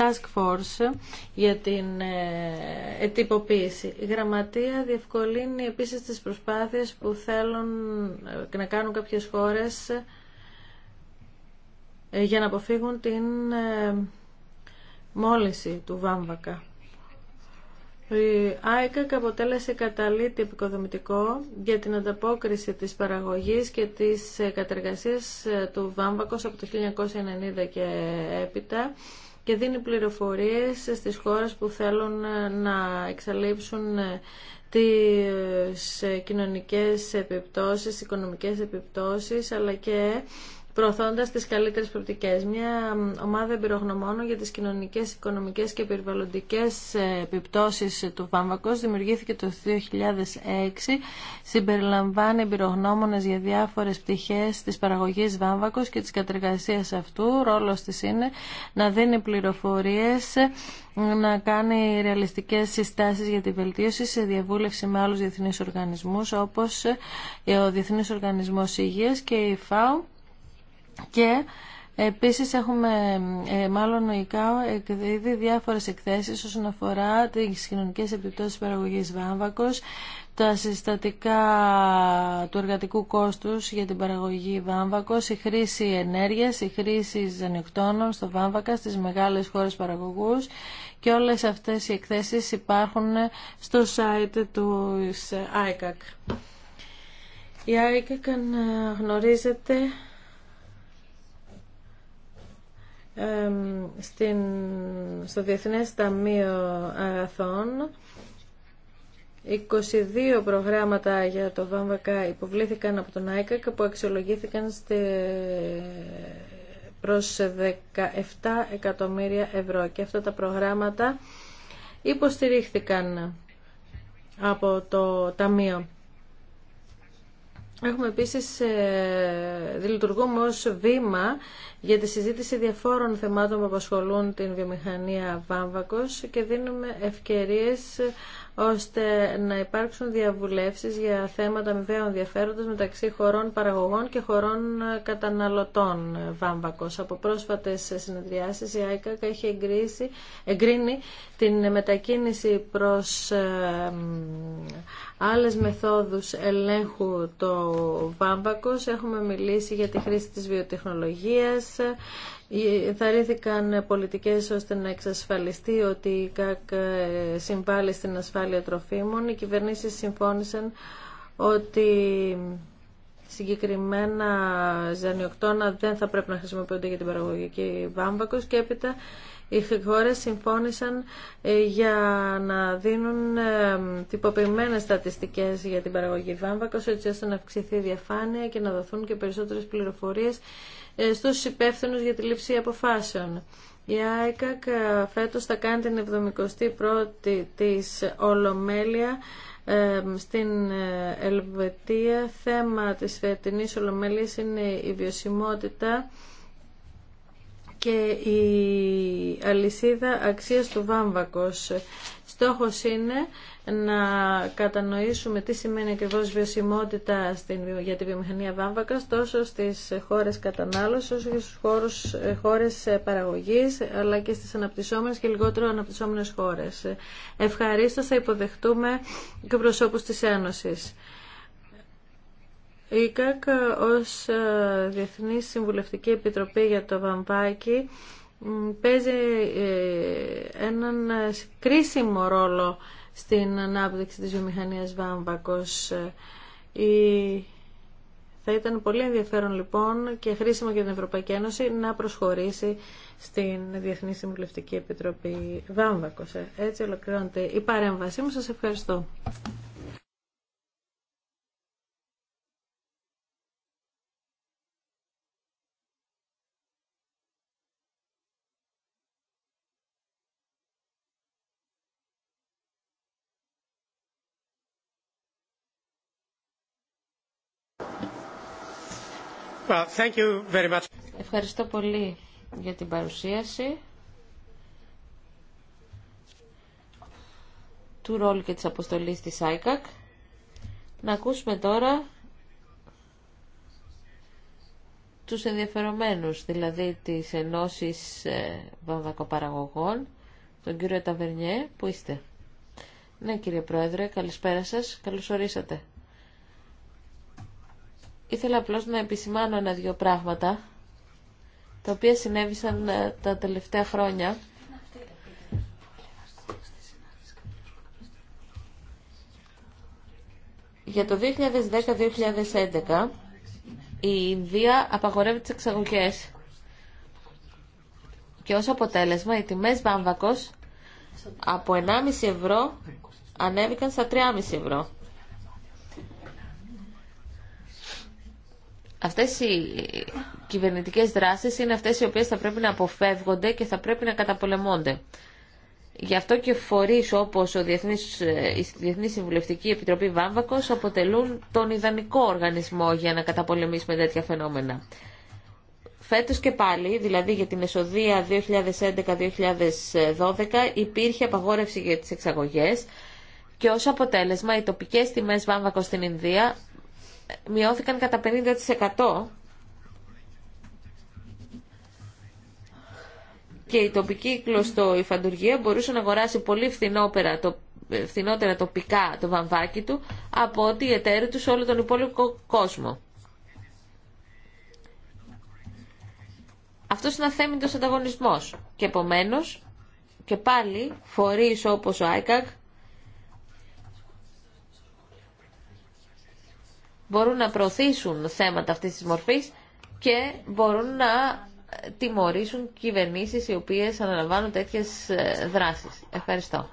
task force για την ε, ετυποποίηση. Η γραμματεία διευκολύνει επίσης τις προσπάθειες που θέλουν ε, να κάνουν κάποιες χώρες ε, για να αποφύγουν την μόλυνση του βάμβακα. Η ΆΕΚΑΚ αποτέλεσε καταλήτη επικοδομητικό για την ανταπόκριση της παραγωγής και της κατεργασίας του Βάμβακος από το 1990 και έπειτα και δίνει πληροφορίες στις χώρες που θέλουν ε, να εξαλείψουν ε, τις ε, κοινωνικές επιπτώσεις, οικονομικές επιπτώσεις, αλλά και προωθώντα τι καλύτερε προοπτικέ. Μια ομάδα εμπειρογνωμόνων για τι κοινωνικέ, οικονομικέ και περιβαλλοντικέ ε, επιπτώσει του βάμβακο δημιουργήθηκε το 2006. Συμπεριλαμβάνει εμπειρογνώμονε για διάφορε πτυχέ τη παραγωγή βάμβακο και τη κατεργασία αυτού. Ρόλο τη είναι να δίνει πληροφορίε, να κάνει ρεαλιστικέ συστάσει για τη βελτίωση σε διαβούλευση με άλλου διεθνεί οργανισμού όπω ε, ο Διεθνή Οργανισμό Υγεία και η ΦΑΟ και Επίσης έχουμε, ε, μάλλον ο ΙΚΑΟ εκδίδει διάφορες εκθέσεις όσον αφορά τις κοινωνικές επιπτώσεις παραγωγής βάμβακος, τα συστατικά του εργατικού κόστους για την παραγωγή βάμβακος, η χρήση ενέργειας, η χρήση ζανιοκτώνων στο βάμβακα στις μεγάλες χώρες παραγωγούς και όλες αυτές οι εκθέσεις υπάρχουν στο site του ICAC. Η ICAC γνωρίζεται στην, στο Διεθνές Ταμείο Αγαθών. 22 προγράμματα για το ΒΑΜΒΑΚΑ υποβλήθηκαν από τον και που αξιολογήθηκαν στη, προς 17 εκατομμύρια ευρώ και αυτά τα προγράμματα υποστηρίχθηκαν από το Ταμείο. Έχουμε επίσης, λειτουργούμε ως βήμα για τη συζήτηση διαφόρων θεμάτων που απασχολούν την βιομηχανία βάμβακος και δίνουμε ευκαιρίες ώστε να υπάρξουν διαβουλεύσεις για θέματα αμοιβαίων ενδιαφέροντος μεταξύ χωρών παραγωγών και χωρών καταναλωτών βάμβακος. Από πρόσφατες συνεδριάσεις η ΆΙΚΑΚ έχει εγκρίνει την μετακίνηση προς άλλες μεθόδους ελέγχου το βάμβακος. Έχουμε μιλήσει για τη χρήση της βιοτεχνολογίας, ε, ρίχθηκαν πολιτικές ώστε να εξασφαλιστεί ότι η ΚΑΚ ε, συμβάλλει στην ασφάλεια τροφίμων. Οι κυβερνήσεις συμφώνησαν ότι συγκεκριμένα ζανιοκτώνα δεν θα πρέπει να χρησιμοποιούνται για την παραγωγική βάμβακος και έπειτα οι χώρες συμφώνησαν ε, για να δίνουν τυποποιημένες στατιστικές για την παραγωγή βάμβακος έτσι ώστε να αυξηθεί η διαφάνεια και να δοθούν και περισσότερες πληροφορίες ε, στους υπεύθυνους για τη λήψη αποφάσεων. Η ΆΕΚΑΚ ε, φέτος θα κάνει την 71η της Ολομέλεια ε, στην Ελβετία. Θέμα της φετινής Ολομέλειας είναι η βιωσιμότητα και η αλυσίδα αξίας του βάμβακος. Στόχος είναι να κατανοήσουμε τι σημαίνει ακριβώς βιωσιμότητα στην, για τη βιομηχανία βάμβακας τόσο στις χώρες κατανάλωσης όσο και στις χώρε χώρες ε, παραγωγής αλλά και στις αναπτυσσόμενες και λιγότερο αναπτυσσόμενες χώρες. Ευχαρίστως θα υποδεχτούμε και προσώπους της Ένωσης. Η ΚΑΚ ως ε, Διεθνή Συμβουλευτική Επιτροπή για το Βαμβάκι παίζει ε, έναν κρίσιμο ρόλο στην ανάπτυξη της βιομηχανίας βάμβακος. Ε, η... Θα ήταν πολύ ενδιαφέρον λοιπόν και χρήσιμο για την Ευρωπαϊκή Ένωση να προσχωρήσει στην Διεθνή Συμβουλευτική Επιτροπή Βάμβακος. Ε, έτσι ολοκληρώνεται η παρέμβασή μου. Σας ευχαριστώ. Ευχαριστώ πολύ για την παρουσίαση του ρόλου και της αποστολής της ΆΙΚΑΚ. Να ακούσουμε τώρα τους ενδιαφερομένους, δηλαδή της ενώσεις ε, βαμβακοπαραγωγών, τον κύριο Ταβερνιέ, που είστε. Ναι κύριε Πρόεδρε, καλησπέρα σας, καλώς ορίσατε. Ήθελα απλώς να επισημάνω ένα-δυο πράγματα τα οποία συνέβησαν ε, τα τελευταία χρόνια. Για το 2010-2011 η Ινδία απαγορεύει τις εξαγωγές και ως αποτέλεσμα οι τιμές βάμβακος από 1,5 ευρώ ανέβηκαν στα 3,5 ευρώ. Αυτές οι κυβερνητικές δράσεις είναι αυτές οι οποίες θα πρέπει να αποφεύγονται και θα πρέπει να καταπολεμώνται. Γι' αυτό και φορείς όπως η Διεθνή Συμβουλευτική Επιτροπή Βάμβακος αποτελούν τον ιδανικό οργανισμό για να καταπολεμήσουμε τέτοια φαινόμενα. Φέτος και πάλι, δηλαδή για την εσοδεία 2011-2012, υπήρχε απαγόρευση για τις εξαγωγές και ως αποτέλεσμα οι τοπικές τιμές Βάμβακο στην Ινδία μειώθηκαν κατά 50% και η τοπική κλωστοϊφαντουργία μπορούσε να αγοράσει πολύ φθηνότερα, το, φθηνότερα τοπικά το βαμβάκι του από ότι η εταίροι του σε όλο τον υπόλοιπο κόσμο. Αυτός είναι αθέμητος ανταγωνισμός και επομένως και πάλι φορείς όπως ο ΆΙΚΑΚ μπορούν να προωθήσουν θέματα αυτής της μορφής και μπορούν να τιμωρήσουν κυβερνήσεις οι οποίες αναλαμβάνουν τέτοιες ε, δράσεις. Ευχαριστώ.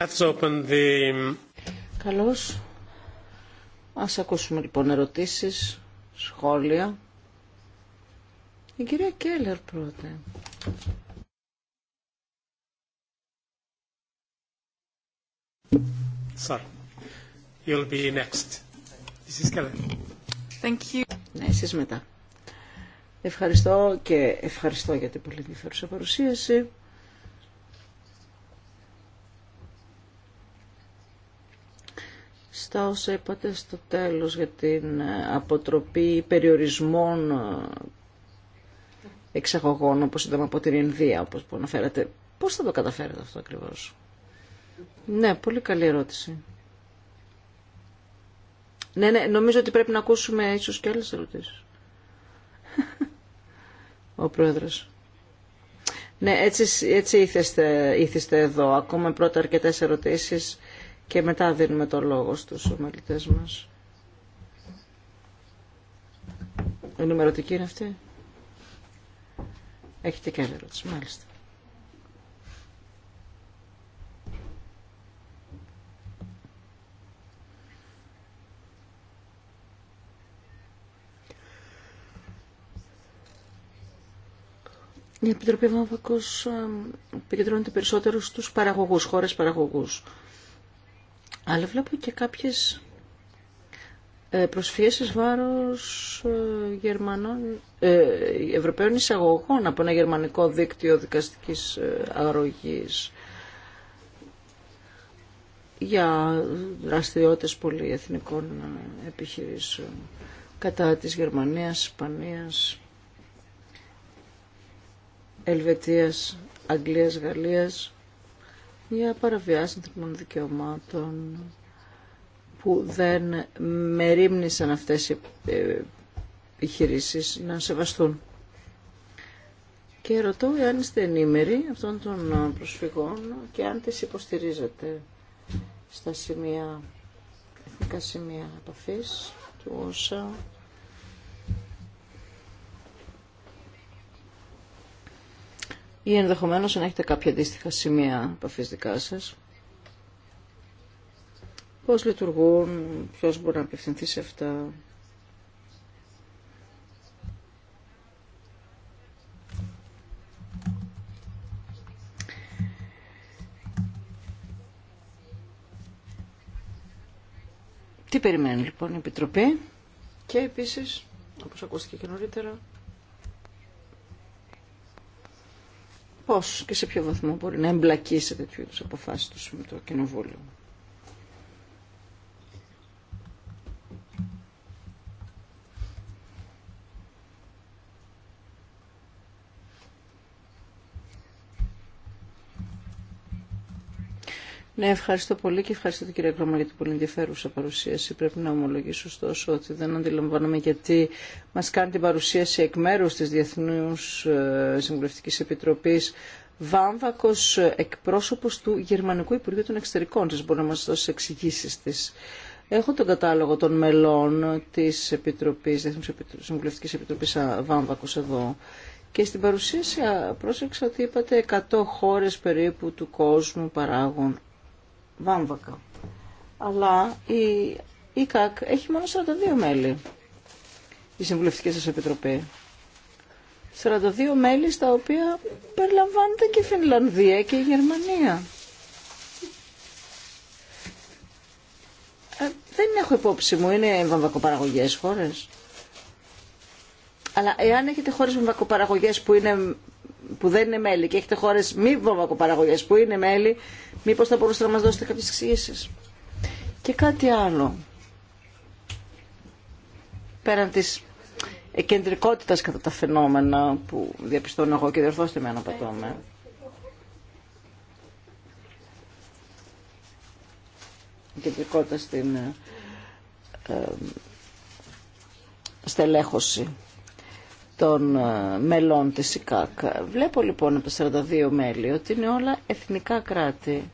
Let's open the... Καλώς. Ας ακούσουμε λοιπόν ερωτήσεις, σχόλια. Η κυρία Κέλλερ πρώτα. You'll be next. This is Thank you. Ναι, εσείς μετά. Ευχαριστώ και ευχαριστώ για την πολύ ενδιαφέρουσα παρουσίαση. Στα όσα είπατε στο τέλος για την ε, αποτροπή περιορισμών ε, εξαγωγών, όπως είδαμε από την Ινδία, όπως που αναφέρατε. Πώς θα το καταφέρετε αυτό ακριβώς. Ναι, πολύ καλή ερώτηση. Ναι, ναι, νομίζω ότι πρέπει να ακούσουμε ίσως και άλλες ερωτήσεις. Ο Πρόεδρος. Ναι, έτσι, έτσι ήθεστε, ήθεστε εδώ. Ακόμα πρώτα αρκετές ερωτήσεις και μετά δίνουμε το λόγο στους ομιλητές μας. Ενημερωτική είναι αυτή. Έχετε και άλλη ερώτηση, μάλιστα. Η Επιτροπή Βάμβακος επικεντρώνεται περισσότερο στους παραγωγούς, χώρες παραγωγούς. Αλλά βλέπω και κάποιες ε, προσφυγές εις βάρος ε, Γερμανών, ε, Ευρωπαίων εισαγωγών από ένα γερμανικό δίκτυο δικαστικής αρρωγής για δραστηριότητες πολυεθνικών επιχειρήσεων κατά της Γερμανίας, Ισπανίας, Ελβετίας, Αγγλίας, Γαλλίας για παραβιάσεις των δικαιωμάτων, που δεν μερίμνησαν αυτές οι ε, επιχειρήσει να σεβαστούν. Και ρωτώ αν είστε ενήμεροι αυτών των προσφυγών και αν τις υποστηρίζετε στα σημεία, εθνικά σημεία επαφής του όσα ή ενδεχομένως να έχετε κάποια αντίστοιχα σημεία επαφής δικά σας πώς λειτουργούν, ποιος μπορεί να απευθυνθεί σε αυτά. Τι περιμένει λοιπόν η Επιτροπή και επίσης, όπως ακούστηκε και νωρίτερα, πώς και σε ποιο βαθμό μπορεί να εμπλακεί σε τέτοιου είδους αποφάσεις του το Κοινοβούλιο. Ναι, ευχαριστώ πολύ και ευχαριστώ την κυρία Κρόμα για την πολύ ενδιαφέρουσα παρουσίαση. Πρέπει να ομολογήσω ωστόσο ότι δεν αντιλαμβάνομαι γιατί μα κάνει την παρουσίαση εκ μέρου τη Διεθνού ε, Συμβουλευτική Επιτροπή βάμβακο εκπρόσωπο του Γερμανικού Υπουργείου των Εξωτερικών τη. Μπορεί να μα δώσει εξηγήσει τη. Έχω τον κατάλογο των μελών τη Επιτροπή, Διεθνού Συμβουλευτική Επιτροπή Βάμβακο εδώ. Και στην παρουσίαση πρόσεξα ότι είπατε 100 χώρες περίπου του κόσμου παράγουν βάμβακα. Αλλά η ΙΚΑΚ έχει μόνο 42 μέλη, η συμβουλευτική σας επιτροπή. 42 μέλη στα οποία περιλαμβάνεται και η Φινλανδία και η Γερμανία. Ε, δεν έχω υπόψη μου, είναι βαμβακοπαραγωγές χώρες. Αλλά εάν έχετε χώρες βαμβακοπαραγωγές που είναι που δεν είναι μέλη και έχετε χώρε μη βομβακοπαραγωγέ που είναι μέλη, μήπω θα μπορούσατε να μα δώσετε κάποιε εξηγήσει. Και κάτι άλλο. Πέραν τη κεντρικότητα κατά τα φαινόμενα που διαπιστώνω εγώ και διορθώστε με αναπατώμε. Η κεντρικότητα στην ε, ε στελέχωση των ε, μελών της ΙΚΑΚ. Βλέπω λοιπόν από τα 42 μέλη ότι είναι όλα εθνικά κράτη.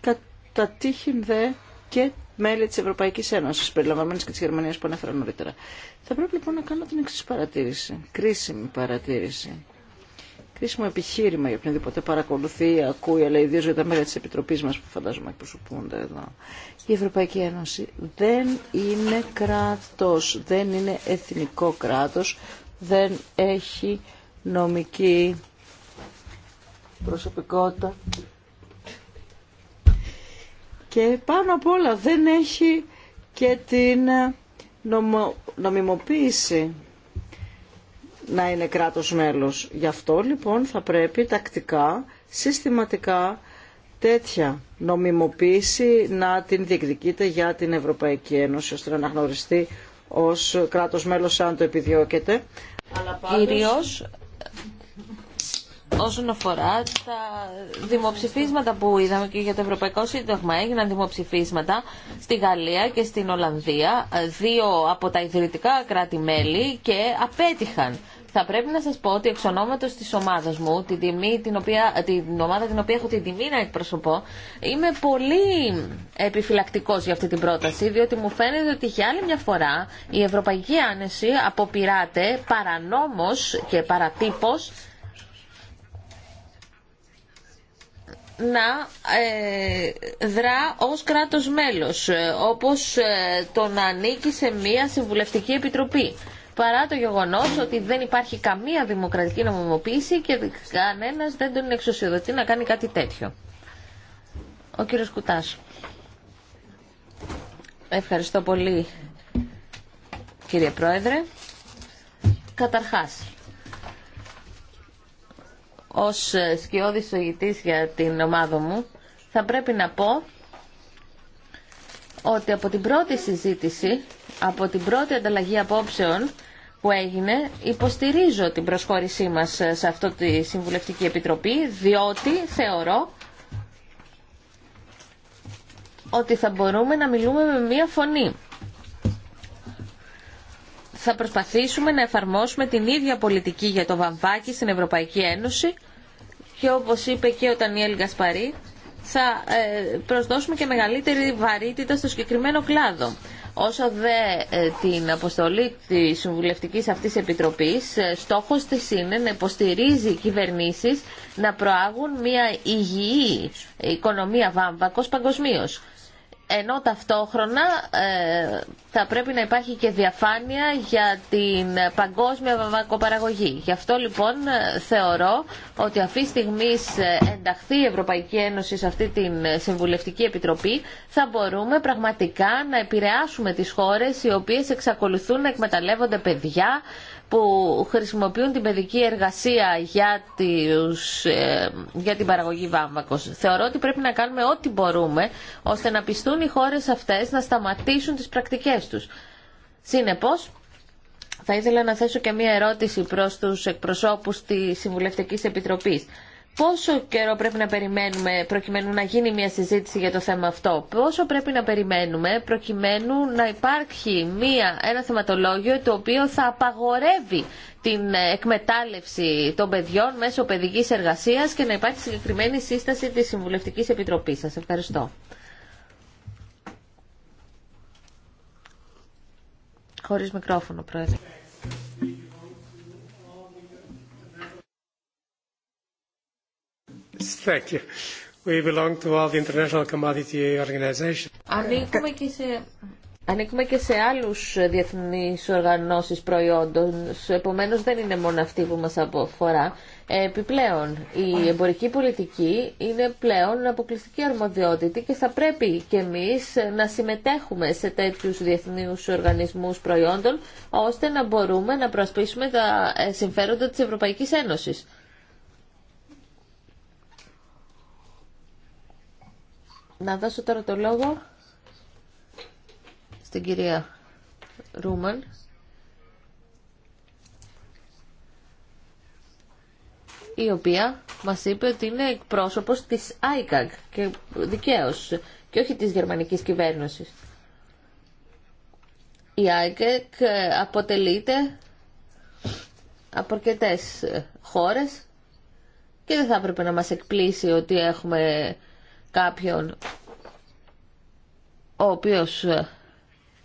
Κατά τύχην δε και μέλη της Ευρωπαϊκής Ένωσης, περιλαμβανομένης και της Γερμανίας που ανέφερα νωρίτερα. Θα πρέπει λοιπόν να κάνω την εξή παρατήρηση, κρίσιμη παρατήρηση κρίσιμο επιχείρημα για οποιονδήποτε παρακολουθεί, ακούει, αλλά ιδίω για τα μέλη τη Επιτροπή μα που φαντάζομαι εκπροσωπούνται εδώ. Η Ευρωπαϊκή Ένωση δεν είναι κράτο, δεν είναι εθνικό κράτο, δεν έχει νομική προσωπικότητα. Και πάνω απ' όλα δεν έχει και την νομο, νομιμοποίηση να είναι κράτος μέλος. Γι' αυτό λοιπόν θα πρέπει τακτικά, συστηματικά τέτοια νομιμοποίηση να την διεκδικείται για την Ευρωπαϊκή Ένωση ώστε να αναγνωριστεί ως κράτος μέλος αν το επιδιώκεται. Αλλά Κυρίως όσον αφορά τα δημοψηφίσματα που είδαμε και για το Ευρωπαϊκό Σύνταγμα έγιναν δημοψηφίσματα στη Γαλλία και στην Ολλανδία δύο από τα ιδρυτικά κράτη-μέλη και απέτυχαν θα πρέπει να σας πω ότι εξ ονόματος της ομάδας μου, την, τιμή, την, οποία, την ομάδα την οποία έχω την τιμή να εκπροσωπώ, είμαι πολύ επιφυλακτικός για αυτή την πρόταση, διότι μου φαίνεται ότι για άλλη μια φορά η Ευρωπαϊκή Άνεση αποπειράται παρανόμως και παρατύπως να ε, δρά ως κράτος μέλος, ε, όπως ε, το να ανήκει σε μία συμβουλευτική επιτροπή παρά το γεγονός ότι δεν υπάρχει καμία δημοκρατική νομιμοποίηση και κανένας δεν τον εξουσιοδοτεί να κάνει κάτι τέτοιο. Ο κύριο Κουτάς. Ευχαριστώ πολύ κύριε Πρόεδρε. Καταρχάς, ως σκιώδης ογητή για την ομάδα μου, θα πρέπει να πω ότι από την πρώτη συζήτηση, από την πρώτη ανταλλαγή απόψεων, που έγινε, υποστηρίζω την προσχώρησή μας σε αυτό τη Συμβουλευτική Επιτροπή, διότι θεωρώ ότι θα μπορούμε να μιλούμε με μία φωνή. Θα προσπαθήσουμε να εφαρμόσουμε την ίδια πολιτική για το βαμβάκι στην Ευρωπαϊκή Ένωση και όπως είπε και ο Τανιέλ Γκασπαρή, θα ε, προσδώσουμε και μεγαλύτερη βαρύτητα στο συγκεκριμένο κλάδο. Όσο δε ε, την αποστολή της συμβουλευτικής αυτής επιτροπής, ε, στόχος της είναι να υποστηρίζει κυβερνήσεις να προάγουν μια υγιή οικονομία βάμβακος παγκοσμίως ενώ ταυτόχρονα ε, θα πρέπει να υπάρχει και διαφάνεια για την παγκόσμια βαμβακοπαραγωγή. Γι' αυτό λοιπόν ε, θεωρώ ότι αυτή τη στιγμή ε, ενταχθεί η Ευρωπαϊκή Ένωση σε αυτή την Συμβουλευτική Επιτροπή θα μπορούμε πραγματικά να επηρεάσουμε τις χώρες οι οποίες εξακολουθούν να εκμεταλλεύονται παιδιά, που χρησιμοποιούν την παιδική εργασία για, ε, για την παραγωγή βάμβακος. Θεωρώ ότι πρέπει να κάνουμε ό,τι μπορούμε ώστε να πιστούν οι χώρες αυτές να σταματήσουν τις πρακτικές τους. Συνεπώς, θα ήθελα να θέσω και μία ερώτηση προς τους εκπροσώπους της Συμβουλευτικής Επιτροπής. Πόσο καιρό πρέπει να περιμένουμε προκειμένου να γίνει μια συζήτηση για το θέμα αυτό. Πόσο πρέπει να περιμένουμε προκειμένου να υπάρχει μια, ένα θεματολόγιο το οποίο θα απαγορεύει την ε, εκμετάλλευση των παιδιών μέσω παιδικής εργασίας και να υπάρχει συγκεκριμένη σύσταση της Συμβουλευτικής Επιτροπής. Σας ευχαριστώ. Χωρίς μικρόφωνο, Πρόεδρε. Ανήκουμε και σε... Ανήκουμε και σε άλλους διεθνείς οργανώσεις προϊόντων, επομένως δεν είναι μόνο αυτή που μας αφορά. Επιπλέον, η εμπορική πολιτική είναι πλέον αποκλειστική αρμοδιότητα και θα πρέπει και εμείς να συμμετέχουμε σε τέτοιους διεθνείς οργανισμούς προϊόντων, ώστε να μπορούμε να προασπίσουμε τα συμφέροντα της Ευρωπαϊκής Ένωσης. Να δώσω τώρα το λόγο στην κυρία Ρούμαν. η οποία μας είπε ότι είναι εκπρόσωπος της ICAG και δικαίως και όχι της γερμανικής κυβέρνησης. Η ICAG αποτελείται από αρκετέ χώρες και δεν θα έπρεπε να μας εκπλήσει ότι έχουμε κάποιον ο οποίος ε,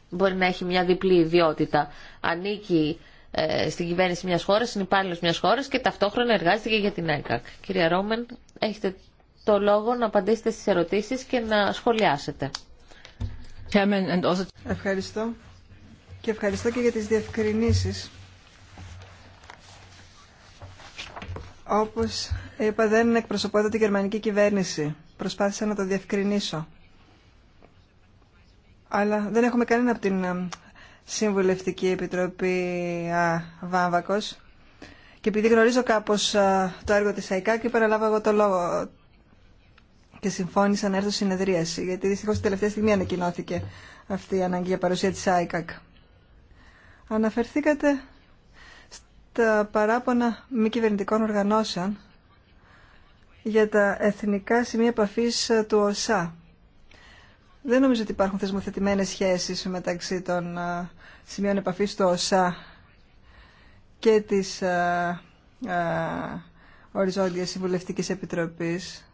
μπορεί να έχει μια διπλή ιδιότητα. Ανήκει ε, στην κυβέρνηση μιας χώρας, είναι υπάλληλο μιας χώρας και ταυτόχρονα εργάζεται και για την ΕΚΑΚ. Κυρία Ρόμεν, έχετε το λόγο να απαντήσετε στις ερωτήσεις και να σχολιάσετε. Ευχαριστώ. Και ευχαριστώ και για τις διευκρινήσεις. Όπως είπα, δεν εκπροσωπώ τη γερμανική κυβέρνηση Προσπάθησα να το διευκρινίσω. Αλλά δεν έχουμε κανένα από την Συμβουλευτική Επιτροπή α, Βάμβακος. Και επειδή γνωρίζω κάπως το έργο της ΑΙΚΑΚ, παραλάβα εγώ το λόγο και συμφώνησα να έρθω συνεδρίαση, γιατί δυστυχώς την τελευταία στιγμή ανακοινώθηκε αυτή η αναγκαία παρουσία της ΑΙΚΑΚ. Αναφερθήκατε στα παράπονα μη κυβερνητικών οργανώσεων για τα εθνικά σημεία επαφή ε, του ΟΣΑ. Δεν νομίζω ότι υπάρχουν θεσμοθετημένες σχέσεις μεταξύ των ε, σημείων επαφής του ΟΣΑ και της ε, Οριζόντιας Συμβουλευτικής Επιτροπής.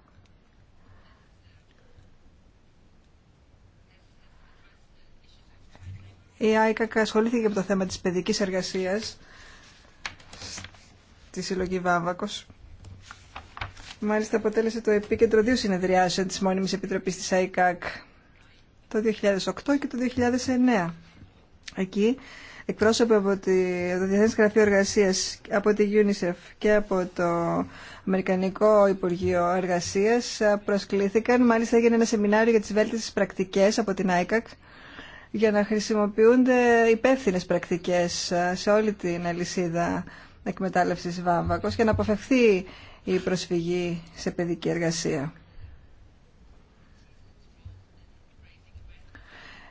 Η ΆΙΚΑΚ ασχολήθηκε με το θέμα της παιδικής εργασίας στη Συλλογή Βάβακος Μάλιστα αποτέλεσε το επίκεντρο δύο συνεδριάσεων της Μόνιμης Επιτροπής της ΑΙΚΑΚ το 2008 και το 2009. Εκεί εκπρόσωποι από το Διεθνές Γραφείο Εργασίας, από τη UNICEF και από το Αμερικανικό Υπουργείο Εργασίας ε, προσκλήθηκαν. Μάλιστα έγινε ένα σεμινάριο για τις βέλτιστες πρακτικές από την ΆΙΚΑΚ για να χρησιμοποιούνται υπεύθυνε πρακτικές ε, σε όλη την αλυσίδα εκμετάλλευσης βάμβακος και να αποφευθεί η προσφυγή σε παιδική εργασία.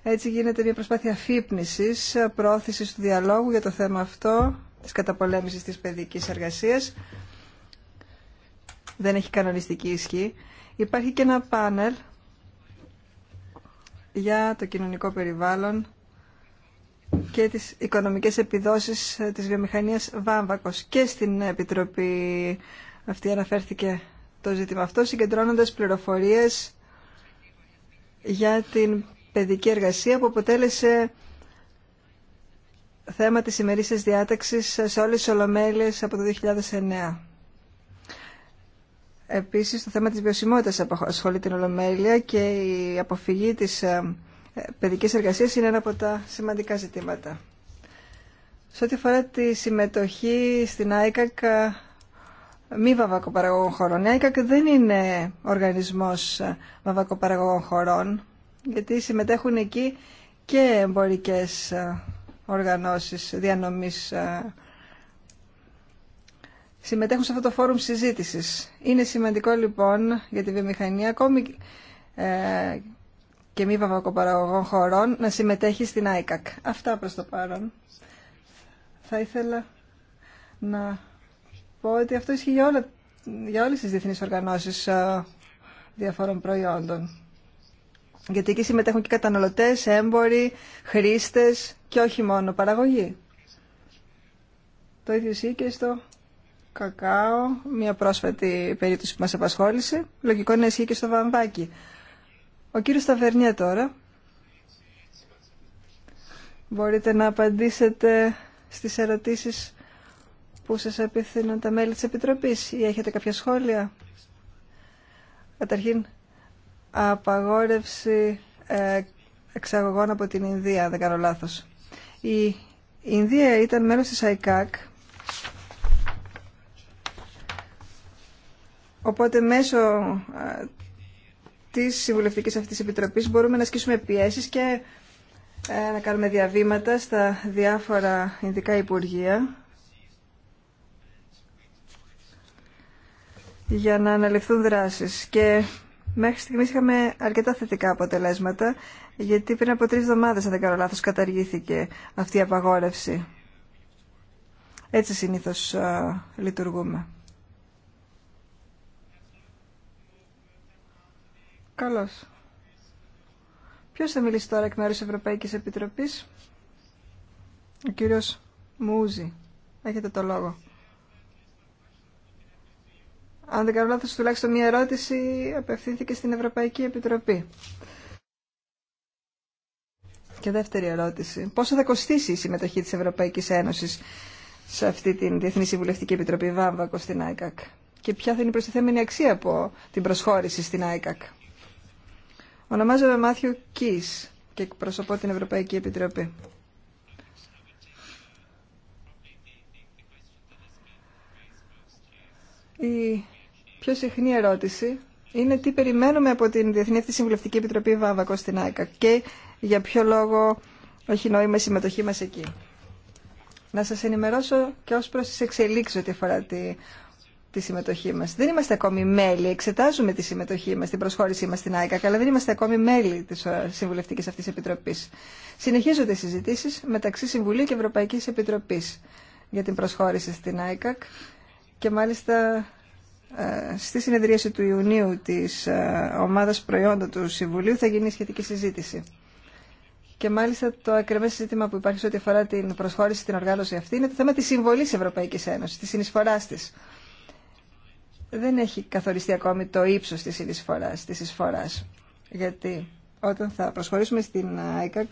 Έτσι γίνεται μια προσπάθεια φύπνισης πρόθεσης του διαλόγου για το θέμα αυτό, της καταπολέμησης της παιδικής εργασίας. Δεν έχει κανονιστική ισχύ. Υπάρχει και ένα πάνελ για το κοινωνικό περιβάλλον και τις οικονομικές επιδόσεις της βιομηχανίας Βάμβακος και στην Επιτροπή αυτή αναφέρθηκε το ζήτημα αυτό, συγκεντρώνοντας πληροφορίες για την παιδική εργασία που αποτέλεσε θέμα της ημερήσιας διάταξης σε όλες τις ολομέλειες από το 2009. Επίσης, το θέμα της βιωσιμότητας ασχολεί την Ολομέλεια και η αποφυγή της ε, παιδικής εργασίας είναι ένα από τα σημαντικά ζητήματα. Σε ό,τι αφορά τη συμμετοχή στην ΆΙΚΑΚ μη βαβακοπαραγωγών χωρών. Η ΆΙΚΑΚ δεν είναι οργανισμός βαβακοπαραγωγών χωρών, γιατί συμμετέχουν εκεί και εμπορικές ε, οργανώσεις διανομής ε. συμμετέχουν σε αυτό το φόρουμ συζήτησης. Είναι σημαντικό λοιπόν για τη βιομηχανία ακόμη ε, και μη βαβακοπαραγωγών χωρών να συμμετέχει στην ΆΙΚΑΚ. Αυτά προς το παρόν. Θα ήθελα να πω ότι αυτό ισχύει για, όλα, για όλες τις διεθνείς οργανώσεις ε, διαφόρων προϊόντων. Γιατί εκεί συμμετέχουν και καταναλωτές, έμποροι, χρήστες και όχι μόνο παραγωγή. Το ίδιο ισχύει και στο κακάο, μια πρόσφατη περίπτωση που μας απασχόλησε. Λογικό είναι να ισχύει και στο βαμβάκι. Ο κύριος Σταβερνιέ τώρα. Μπορείτε να απαντήσετε στις ερωτήσεις που σας απίθυναν τα μέλη της Επιτροπής ή έχετε κάποια σχόλια. Καταρχήν, απαγόρευση ε, εξαγωγών από την Ινδία, δεν κάνω λάθος. Η Ινδία ήταν μέλος της ΑΙΚΑΚ, οπότε μέσω ε, της συμβουλευτικής αυτής επιτροπής μπορούμε να ασκήσουμε πιέσεις και ε, να κάνουμε διαβήματα στα διάφορα Ινδικά υπουργεία για να αναλυφθούν δράσεις και μέχρι στιγμής είχαμε αρκετά θετικά αποτελέσματα γιατί πριν από τρεις εβδομάδες, αν δεν κάνω λάθος, καταργήθηκε αυτή η απαγόρευση. Έτσι συνήθως λειτουργούμε. Καλώς. Ποιος θα μιλήσει τώρα εκ μέρους Ευρωπαϊκής Επιτροπής? Ο κύριος Μούζη. Έχετε το λόγο αν δεν κάνω λάθος, τουλάχιστον μία ερώτηση απευθύνθηκε στην Ευρωπαϊκή Επιτροπή. Και δεύτερη ερώτηση. Πόσο θα κοστίσει η συμμετοχή της Ευρωπαϊκής Ένωσης σε αυτή την Διεθνή Συμβουλευτική Επιτροπή Βάμβακο στην ΆΙΚΑΚ και ποια θα είναι η προστιθέμενη αξία από την προσχώρηση στην ΆΙΚΑΚ. Ονομάζομαι Μάθιο Κις και εκπροσωπώ την Ευρωπαϊκή Επιτροπή πιο συχνή ερώτηση είναι τι περιμένουμε από την Διεθνή Συμβουλευτική Επιτροπή Βάβακο στην ΆΕΚΑ και για ποιο λόγο έχει νόημα η συμμετοχή μας εκεί. Να σας ενημερώσω και ως προς τις εξελίξεις ό,τι αφορά τη, τη συμμετοχή μας. Δεν είμαστε ακόμη μέλη, εξετάζουμε τη συμμετοχή μας, την προσχώρησή μας στην ΆΕΚΑ, αλλά δεν είμαστε ακόμη μέλη της ε, Συμβουλευτικής αυτής Επιτροπής. Συνεχίζονται οι συζητήσεις μεταξύ Συμβουλίου και Ευρωπαϊκή Επιτροπής για την προσχώρηση στην ΆΕΚΑΚ και μάλιστα ε, στη συνεδρίαση του Ιουνίου της ε, ομάδας προϊόντα του Συμβουλίου θα γίνει σχετική συζήτηση. Και μάλιστα το ακριβέ ζήτημα που υπάρχει σε ό,τι αφορά την προσχώρηση στην οργάνωση αυτή είναι το θέμα τη συμβολή Ευρωπαϊκή Ένωση, τη συνεισφορά τη. Δεν έχει καθοριστεί ακόμη το ύψο τη συνεισφορά, τη εισφορά. Γιατί όταν θα προσχωρήσουμε στην ε, ΆΙΚΑΚ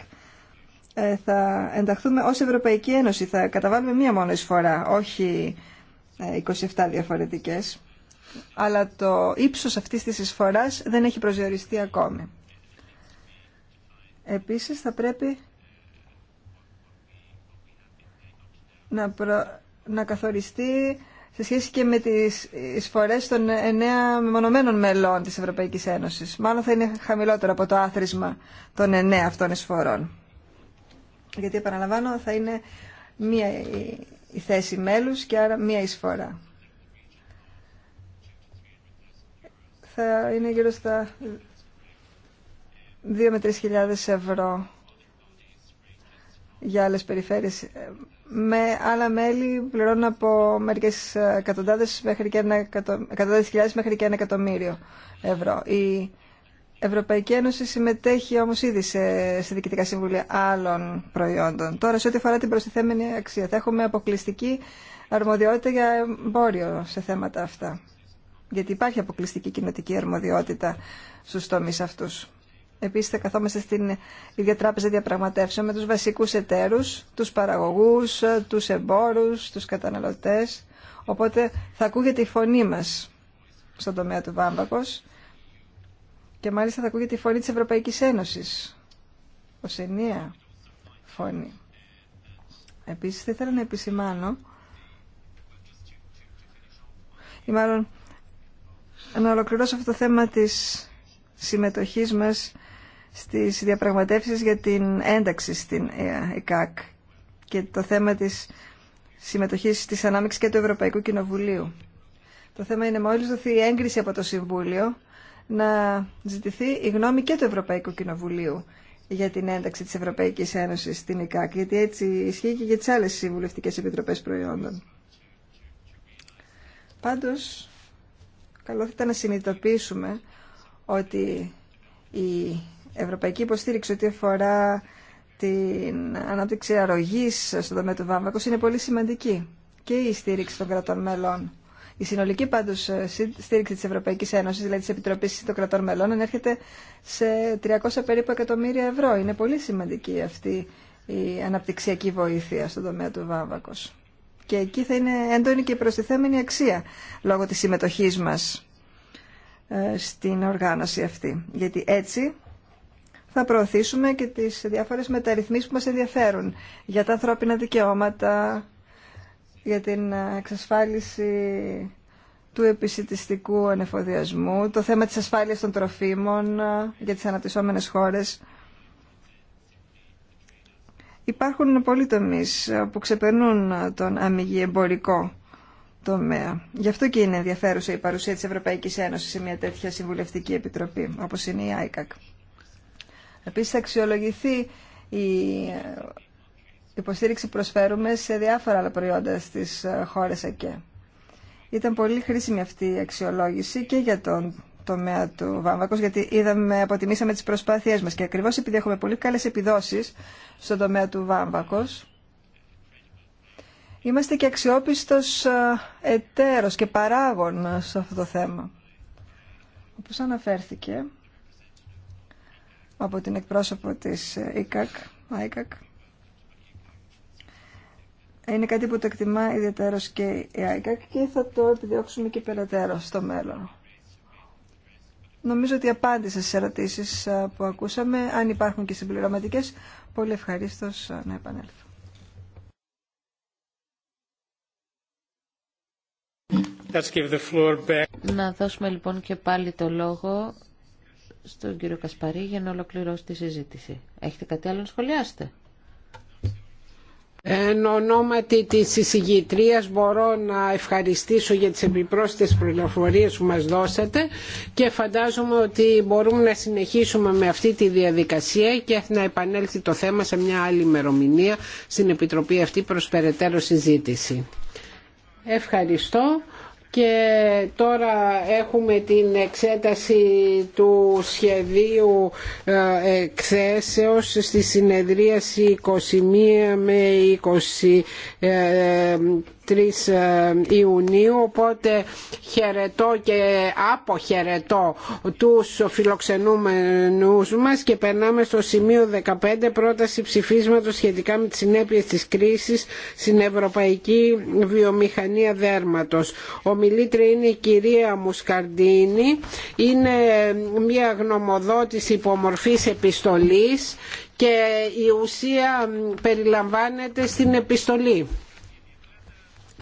θα ενταχθούμε ως Ευρωπαϊκή Ένωση, θα καταβάλουμε μία μόνο εισφορά, όχι 27 διαφορετικές αλλά το ύψος αυτής της εισφοράς δεν έχει προσδιοριστεί ακόμη. Επίσης θα πρέπει να, να καθοριστεί σε σχέση και με τις εισφορές των εννέα μεμονωμένων μελών της Ευρωπαϊκής Ένωσης. Μάλλον θα είναι χαμηλότερο από το άθροισμα των εννέα αυτών εισφορών. Γιατί, επαναλαμβάνω, θα είναι μία η θέση μέλους και άρα μία εισφορά. θα είναι γύρω στα 2 με 3 χιλιάδες ευρώ για άλλες περιφέρειες. Με άλλα μέλη πληρώνουν από μερικές εκατοντάδες μέχρι και ένα μέχρι και ένα εκατομμύριο ευρώ. Η Ευρωπαϊκή Ένωση συμμετέχει όμως ήδη σε, σε διοικητικά συμβούλια άλλων προϊόντων. Τώρα σε ό,τι αφορά την προστιθέμενη αξία θα έχουμε αποκλειστική αρμοδιότητα για εμπόριο σε θέματα αυτά γιατί υπάρχει αποκλειστική κοινοτική αρμοδιότητα στου τομεί αυτούς. Επίση, θα καθόμαστε στην ίδια τράπεζα διαπραγματεύσεων με τους βασικούς εταίρους, τους παραγωγούς, τους εμπόρους, τους καταναλωτές. Οπότε θα ακούγεται η φωνή μας στον τομέα του βάμβακος και μάλιστα θα ακούγεται η φωνή της Ευρωπαϊκής Ένωση. Ω ενιαία φωνή. Επίση θα ήθελα να επισημάνω ή μάλλον να ολοκληρώσω αυτό το θέμα της συμμετοχής μας στις διαπραγματεύσεις για την ένταξη στην ε, ΕΚΑΚ και το θέμα της συμμετοχής της ανάμειξης και του Ευρωπαϊκού Κοινοβουλίου. Το θέμα είναι μόλις δοθεί η έγκριση από το Συμβούλιο να ζητηθεί η γνώμη και του Ευρωπαϊκού Κοινοβουλίου για την ένταξη της Ευρωπαϊκής Ένωσης στην ΕΚΑΚ, γιατί έτσι ισχύει και για τις άλλες συμβουλευτικές επιτροπές προϊόντων. Πάντως, καλό θα ήταν να συνειδητοποιήσουμε ότι η ευρωπαϊκή υποστήριξη ό,τι αφορά την ανάπτυξη αρρωγής στον τομέα του βάμβακος είναι πολύ σημαντική και η στήριξη των κρατών μελών. Η συνολική πάντως ε, στήριξη της Ευρωπαϊκής Ένωσης, δηλαδή της Επιτροπής των Κρατών Μελών, ανέρχεται σε 300 περίπου εκατομμύρια ευρώ. Είναι πολύ σημαντική αυτή η αναπτυξιακή βοήθεια στον τομέα του βάμβακος και εκεί θα είναι έντονη και προστιθέμενη αξία λόγω της συμμετοχής μας ε, στην οργάνωση αυτή. Γιατί έτσι θα προωθήσουμε και τις διάφορες μεταρρυθμίσεις που μας ενδιαφέρουν για τα ανθρώπινα δικαιώματα, για την ε, εξασφάλιση του επισητιστικού ανεφοδιασμού, το θέμα της ασφάλειας των τροφίμων ε, για τις αναπτυσσόμενες χώρες. Υπάρχουν πολλοί τομείς που ξεπερνούν τον αμυγή εμπορικό τομέα. Γι' αυτό και είναι ενδιαφέρουσα η παρουσία της Ευρωπαϊκής Ένωσης σε μια τέτοια συμβουλευτική επιτροπή, όπως είναι η ΆΙΚΑΚ. Επίσης θα αξιολογηθεί η υποστήριξη προσφέρουμε σε διάφορα άλλα προϊόντα στις χώρες ΑΚΕ. Ήταν πολύ χρήσιμη αυτή η αξιολόγηση και για τον τομέα του βάμβακος, γιατί είδαμε, αποτιμήσαμε τις προσπάθειές μας και ακριβώς επειδή έχουμε πολύ καλές επιδόσεις στον τομέα του βάμβακος, είμαστε και αξιόπιστος ε, εταίρος και παράγων σε αυτό το θέμα. Όπως αναφέρθηκε από την εκπρόσωπο της ε, ΙΚΑΚ, είναι κάτι που το εκτιμά ιδιαίτερος και η ΆΙΚΑΚ και θα το επιδιώξουμε και περαιτέρω στο μέλλον. Νομίζω ότι απάντησα στι ερωτήσει που ακούσαμε. Αν υπάρχουν και συμπληρωματικές, πολύ ευχαρίστω να επανέλθω. Να δώσουμε λοιπόν και πάλι το λόγο στον κύριο Κασπαρή για να ολοκληρώσει τη συζήτηση. Έχετε κάτι άλλο να σχολιάσετε. Εν ονόματι της εισηγητρίας μπορώ να ευχαριστήσω για τις επιπρόσθετες πληροφορίες που μας δώσατε και φαντάζομαι ότι μπορούμε να συνεχίσουμε με αυτή τη διαδικασία και να επανέλθει το θέμα σε μια άλλη ημερομηνία στην Επιτροπή αυτή προς περαιτέρω συζήτηση. Ευχαριστώ και τώρα έχουμε την εξέταση του σχεδίου εξέσεως στη συνεδρίαση 21 με ε, ε, ε, Ιουνίου οπότε χαιρετώ και αποχαιρετώ τους φιλοξενούμενους μας και περνάμε στο σημείο 15 πρόταση ψηφίσματος σχετικά με τις συνέπειες της κρίσης στην Ευρωπαϊκή Βιομηχανία Δέρματος. Ο μιλήτρια είναι η κυρία Μουσκαρντίνη, είναι μια γνωμοδότηση υπομορφής επιστολής και η ουσία περιλαμβάνεται στην επιστολή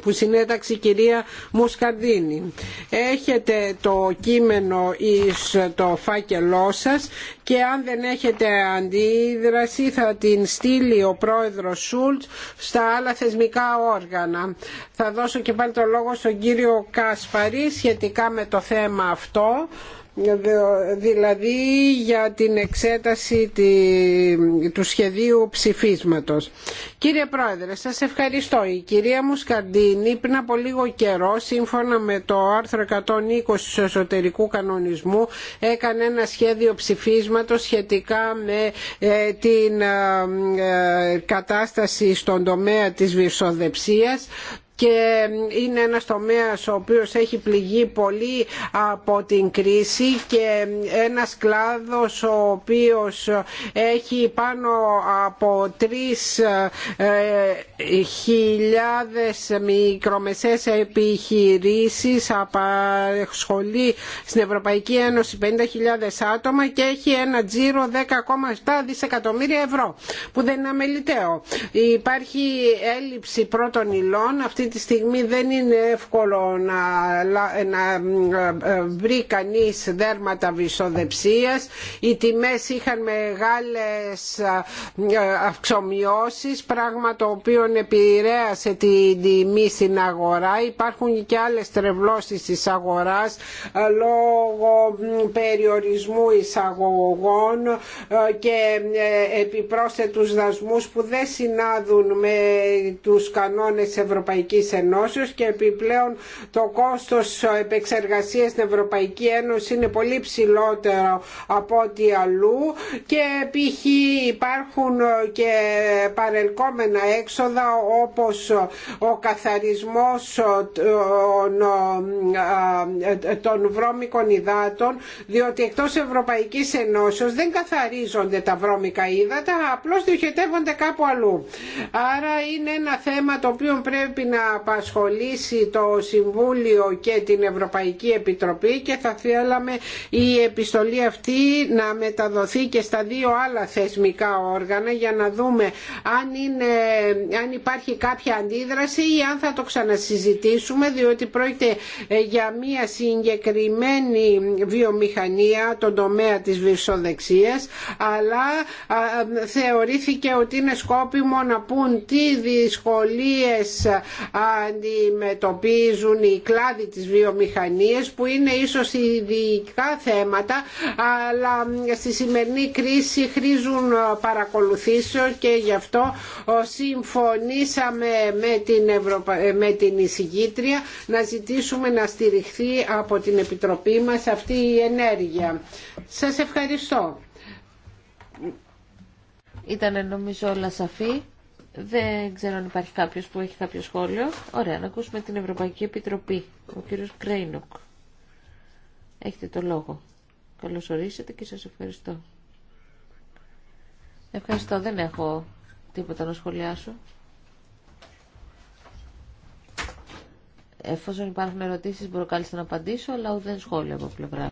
που συνέταξε η κυρία Μουσκαρδίνη. Έχετε το κείμενο εις το φάκελό σας και αν δεν έχετε αντίδραση θα την στείλει ο πρόεδρος Σούλτ στα άλλα θεσμικά όργανα. Θα δώσω και πάλι το λόγο στον κύριο Κάσπαρη σχετικά με το θέμα αυτό δηλαδή για την εξέταση του σχεδίου ψηφίσματος. Κύριε Πρόεδρε, σας ευχαριστώ. Η κυρία Μουσκαντίνη πριν από λίγο καιρό, σύμφωνα με το άρθρο 120 του εσωτερικού κανονισμού, έκανε ένα σχέδιο ψηφίσματος σχετικά με ε, την ε, ε, κατάσταση στον τομέα της βυσοδεψίας, και είναι ένας τομέας ο οποίος έχει πληγεί πολύ από την κρίση και ένας κλάδος ο οποίος έχει πάνω από 3.000 ε, μικρομεσαίες επιχειρήσεις απασχολεί στην Ευρωπαϊκή Ένωση 50.000 άτομα και έχει ένα τζίρο 10,7 δισεκατομμύρια ευρώ που δεν είναι αμεληταίο. Υπάρχει έλλειψη πρώτων υλών. Αυτή αυτή στιγμή δεν είναι εύκολο να, ε, βρει κανείς δέρματα βυσοδεψίας. Οι τιμές είχαν μεγάλες ε, ε, αυξομοιώσεις, πράγμα το οποίο επηρέασε την τιμή στην αγορά. Υπάρχουν και άλλες τρευλώσεις της αγοράς λόγω περιορισμού εισαγωγών και επιπρόσθετους δασμούς που δεν συνάδουν με τους κανόνες Ευρωπαϊκής Ευρωπαϊκής Ενώσεως και επιπλέον το κόστος επεξεργασίας στην Ευρωπαϊκή Ένωση είναι πολύ ψηλότερο από ό,τι αλλού και π.χ. υπάρχουν και παρελκόμενα έξοδα όπως ο καθαρισμός των ε, βρώμικων υδάτων διότι εκτός Ευρωπαϊκής Ενώσεως δεν καθαρίζονται τα βρώμικα υδάτα απλώς διοχετεύονται κάπου αλλού. Άρα είναι ένα θέμα το οποίο πρέπει να απασχολήσει το Συμβούλιο και την Ευρωπαϊκή Επιτροπή και θα θέλαμε η επιστολή αυτή να μεταδοθεί και στα δύο άλλα θεσμικά όργανα για να δούμε αν, είναι, αν υπάρχει κάποια αντίδραση ή αν θα το ξανασυζητήσουμε διότι πρόκειται ε, για μια συγκεκριμένη βιομηχανία τον τομέα της βυρσοδεξίας αλλά ε, θεωρήθηκε ότι είναι σκόπιμο να πούν τι δυσκολίες αντιμετωπίζουν οι κλάδοι της βιομηχανίας που είναι ίσως ειδικά θέματα αλλά στη σημερινή κρίση χρήζουν παρακολουθήσεων και γι' αυτό συμφωνήσαμε με την, Ευρωπα... με την εισηγήτρια να ζητήσουμε να στηριχθεί από την Επιτροπή μας αυτή η ενέργεια. Σας ευχαριστώ. Ήταν νομίζω όλα σαφή. Δεν ξέρω αν υπάρχει κάποιος που έχει κάποιο σχόλιο. Ωραία, να ακούσουμε την Ευρωπαϊκή Επιτροπή. Ο κύριος Κρέινοκ. Έχετε το λόγο. Καλώς ορίσατε και σας ευχαριστώ. Ευχαριστώ, δεν έχω τίποτα να σχολιάσω. Εφόσον υπάρχουν ερωτήσεις μπορώ κάλλιστα να απαντήσω, αλλά δεν σχόλιο από πλευρά.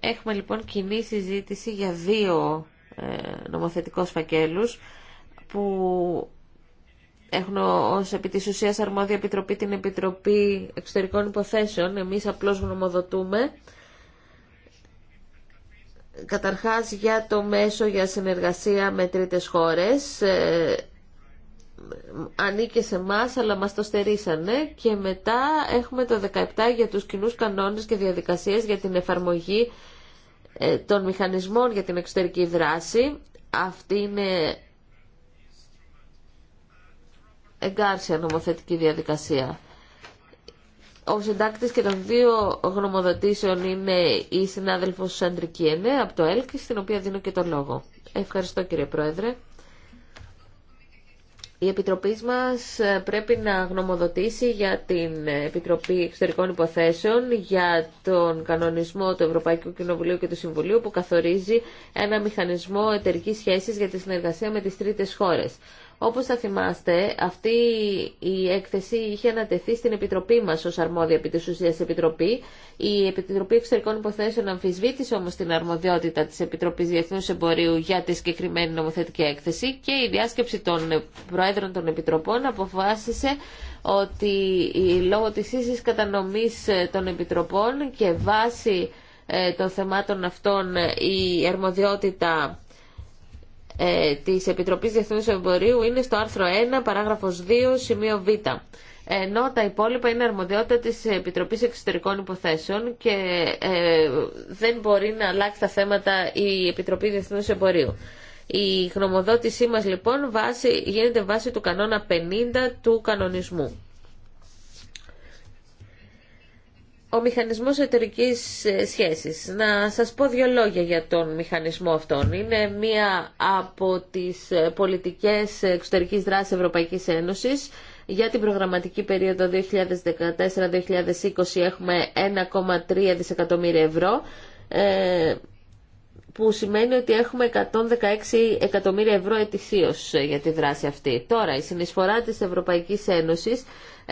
Έχουμε λοιπόν κοινή συζήτηση για δύο ε, νομοθετικούς φακέλους που έχουν ως επί της ουσίας αρμόδια επιτροπή την Επιτροπή Εξωτερικών Υποθέσεων. Εμείς απλώς γνωμοδοτούμε. Καταρχάς για το μέσο για συνεργασία με τρίτες χώρες. Ε, ανήκε σε εμά, αλλά μας το στερήσανε και μετά έχουμε το 17 για τους κοινούς κανόνε και διαδικασίες για την εφαρμογή ε, των μηχανισμών για την εξωτερική δράση. Αυτή είναι εγκάρσια νομοθετική διαδικασία. Ο συντάκτη και των δύο γνωμοδοτήσεων είναι η συνάδελφο Σαντρικίενε από το ΕΛΚ, στην οποία δίνω και το λόγο. Ευχαριστώ κύριε Πρόεδρε. Η Επιτροπή μας ε, πρέπει να γνωμοδοτήσει για την ε, Επιτροπή Εξωτερικών Υποθέσεων για τον κανονισμό του Ευρωπαϊκού Κοινοβουλίου και του Συμβουλίου που καθορίζει ένα μηχανισμό εταιρικής σχέσης για τη συνεργασία με τις τρίτες χώρες. Όπως θα θυμάστε, αυτή η έκθεση είχε ανατεθεί στην Επιτροπή μας ως αρμόδια επί της ουσίας Επιτροπή. Η Επιτροπή Εξωτερικών Υποθέσεων αμφισβήτησε όμως την αρμοδιότητα της Επιτροπής Διεθνούς Εμπορίου για τη συγκεκριμένη νομοθετική έκθεση και η διάσκεψη των Προέδρων των Επιτροπών αποφάσισε ότι λόγω της ίσης κατανομής ε, των Επιτροπών και βάση ε, των θεμάτων αυτών η αρμοδιότητα ε, της Επιτροπής Διεθνούς Εμπορίου είναι στο άρθρο 1, παράγραφος 2, σημείο Β. Ενώ τα υπόλοιπα είναι αρμοδιότητα της Επιτροπής Εξωτερικών Υποθέσεων και ε, δεν μπορεί να αλλάξει τα θέματα η Επιτροπή Διεθνούς Εμπορίου. Η γνωμοδότησή μας λοιπόν βάση, γίνεται βάση του κανόνα 50 του κανονισμού. ο μηχανισμός εταιρικής ε, σχέσης. Να σας πω δύο λόγια για τον μηχανισμό αυτόν. Είναι μία από τις ε, πολιτικές εξωτερικής δράσης Ευρωπαϊκής Ένωσης. Για την προγραμματική περίοδο 2014-2020 έχουμε 1,3 δισεκατομμύρια ευρώ ε, που σημαίνει ότι έχουμε 116 εκατομμύρια ευρώ ετησίως για τη δράση αυτή. Τώρα, η συνεισφορά της Ευρωπαϊκής Ένωσης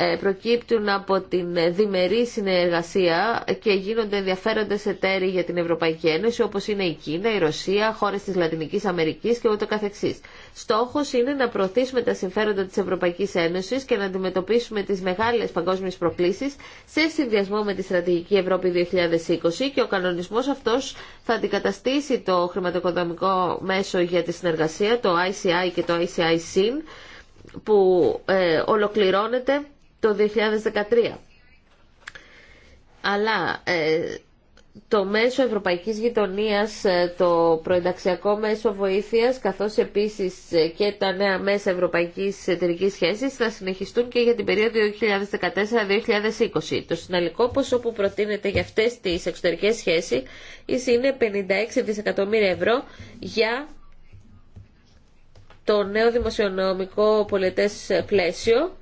ε, προκύπτουν από την διμερή συνεργασία και γίνονται ενδιαφέροντε εταίροι για την Ευρωπαϊκή Ένωση όπω είναι η Κίνα, η Ρωσία, χώρε τη Λατινική Αμερική και ούτω καθεξή. Στόχο είναι να προωθήσουμε τα συμφέροντα τη Ευρωπαϊκή Ένωση και να αντιμετωπίσουμε τι μεγάλε παγκόσμιες προκλήσει σε συνδυασμό με τη Στρατηγική Ευρώπη 2020 και ο κανονισμό αυτό θα αντικαταστήσει το χρηματοοικονομικό μέσο για τη συνεργασία, το ICI και το ICI-SIN, που ε, ολοκληρώνεται το 2013. Αλλά ε, το μέσο ευρωπαϊκής γειτονίας, ε, το προενταξιακό μέσο βοήθειας, καθώς επίσης ε, και τα νέα μέσα ευρωπαϊκής εταιρικής σχέσης θα συνεχιστούν και για την περίοδο 2014-2020. Το συναλλικό ποσό που προτείνεται για αυτές τις εξωτερικές σχέσεις είναι 56 δισεκατομμύρια ευρώ για το νέο δημοσιονομικό πολιτές πλαίσιο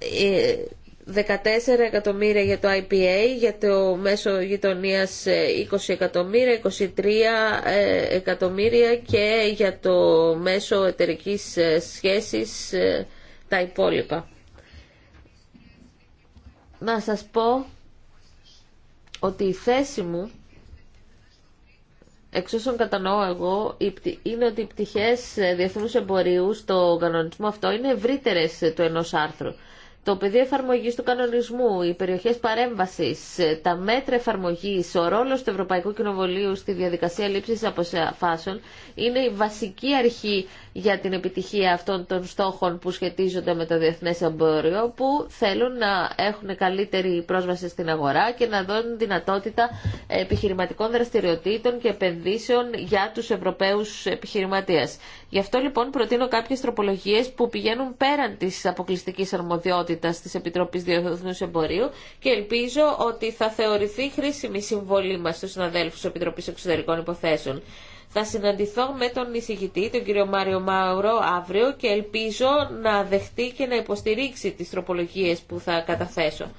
14 εκατομμύρια για το IPA, για το μέσο γειτονία 20 ε, εκατομμύρια, 23 ε, εκατομμύρια και για το μέσο εταιρικής ε, σχέσης τα υπόλοιπα. Να σας πω ότι η θέση μου, εξ όσων κατανοώ εγώ, είναι ότι οι πτυχές διεθνούς εμπορίου στο κανονισμό αυτό είναι ευρύτερες του ενός άρθρου το πεδίο εφαρμογή του κανονισμού, οι περιοχέ παρέμβασης, ε, τα μέτρα εφαρμογή ο ρόλο του Ευρωπαϊκού Κοινοβουλίου στη διαδικασία λήψη αποφάσεων είναι η βασική αρχή για την επιτυχία αυτών των στόχων που σχετίζονται με το διεθνές εμπόριο που θέλουν να έχουν καλύτερη πρόσβαση στην αγορά και να δώσουν δυνατότητα επιχειρηματικών δραστηριοτήτων και επενδύσεων για του Ευρωπαίου επιχειρηματίε. Γι' αυτό λοιπόν προτείνω κάποιε τροπολογίε που πηγαίνουν πέραν τη αποκλειστική αρμοδιότητας τη της Επιτροπής Διεθνούς Εμπορίου και ελπίζω ότι θα θεωρηθεί χρήσιμη συμβολή μα στου συναδέλφου τη Επιτροπή Εξωτερικών Υποθέσεων. Θα συναντηθώ με τον εισηγητή, τον κύριο Μάριο Μάουρο, αύριο και ελπίζω να δεχτεί και να υποστηρίξει τις τροπολογίες που θα καταθέσω.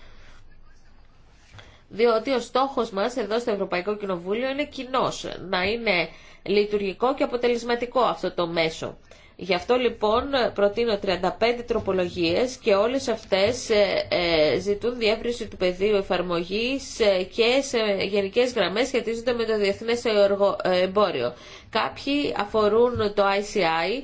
Διότι ο στόχος μας εδώ στο Ευρωπαϊκό Κοινοβούλιο είναι κοινό, να είναι λειτουργικό και αποτελεσματικό αυτό το μέσο. Γι' αυτό λοιπόν προτείνω 35 τροπολογίες και όλες αυτές ε, ε, ζητούν διεύρυνση του πεδίου εφαρμογής ε, και σε γενικές γραμμές σχετίζονται με το διεθνές εμπόριο. Κάποιοι αφορούν το ICI,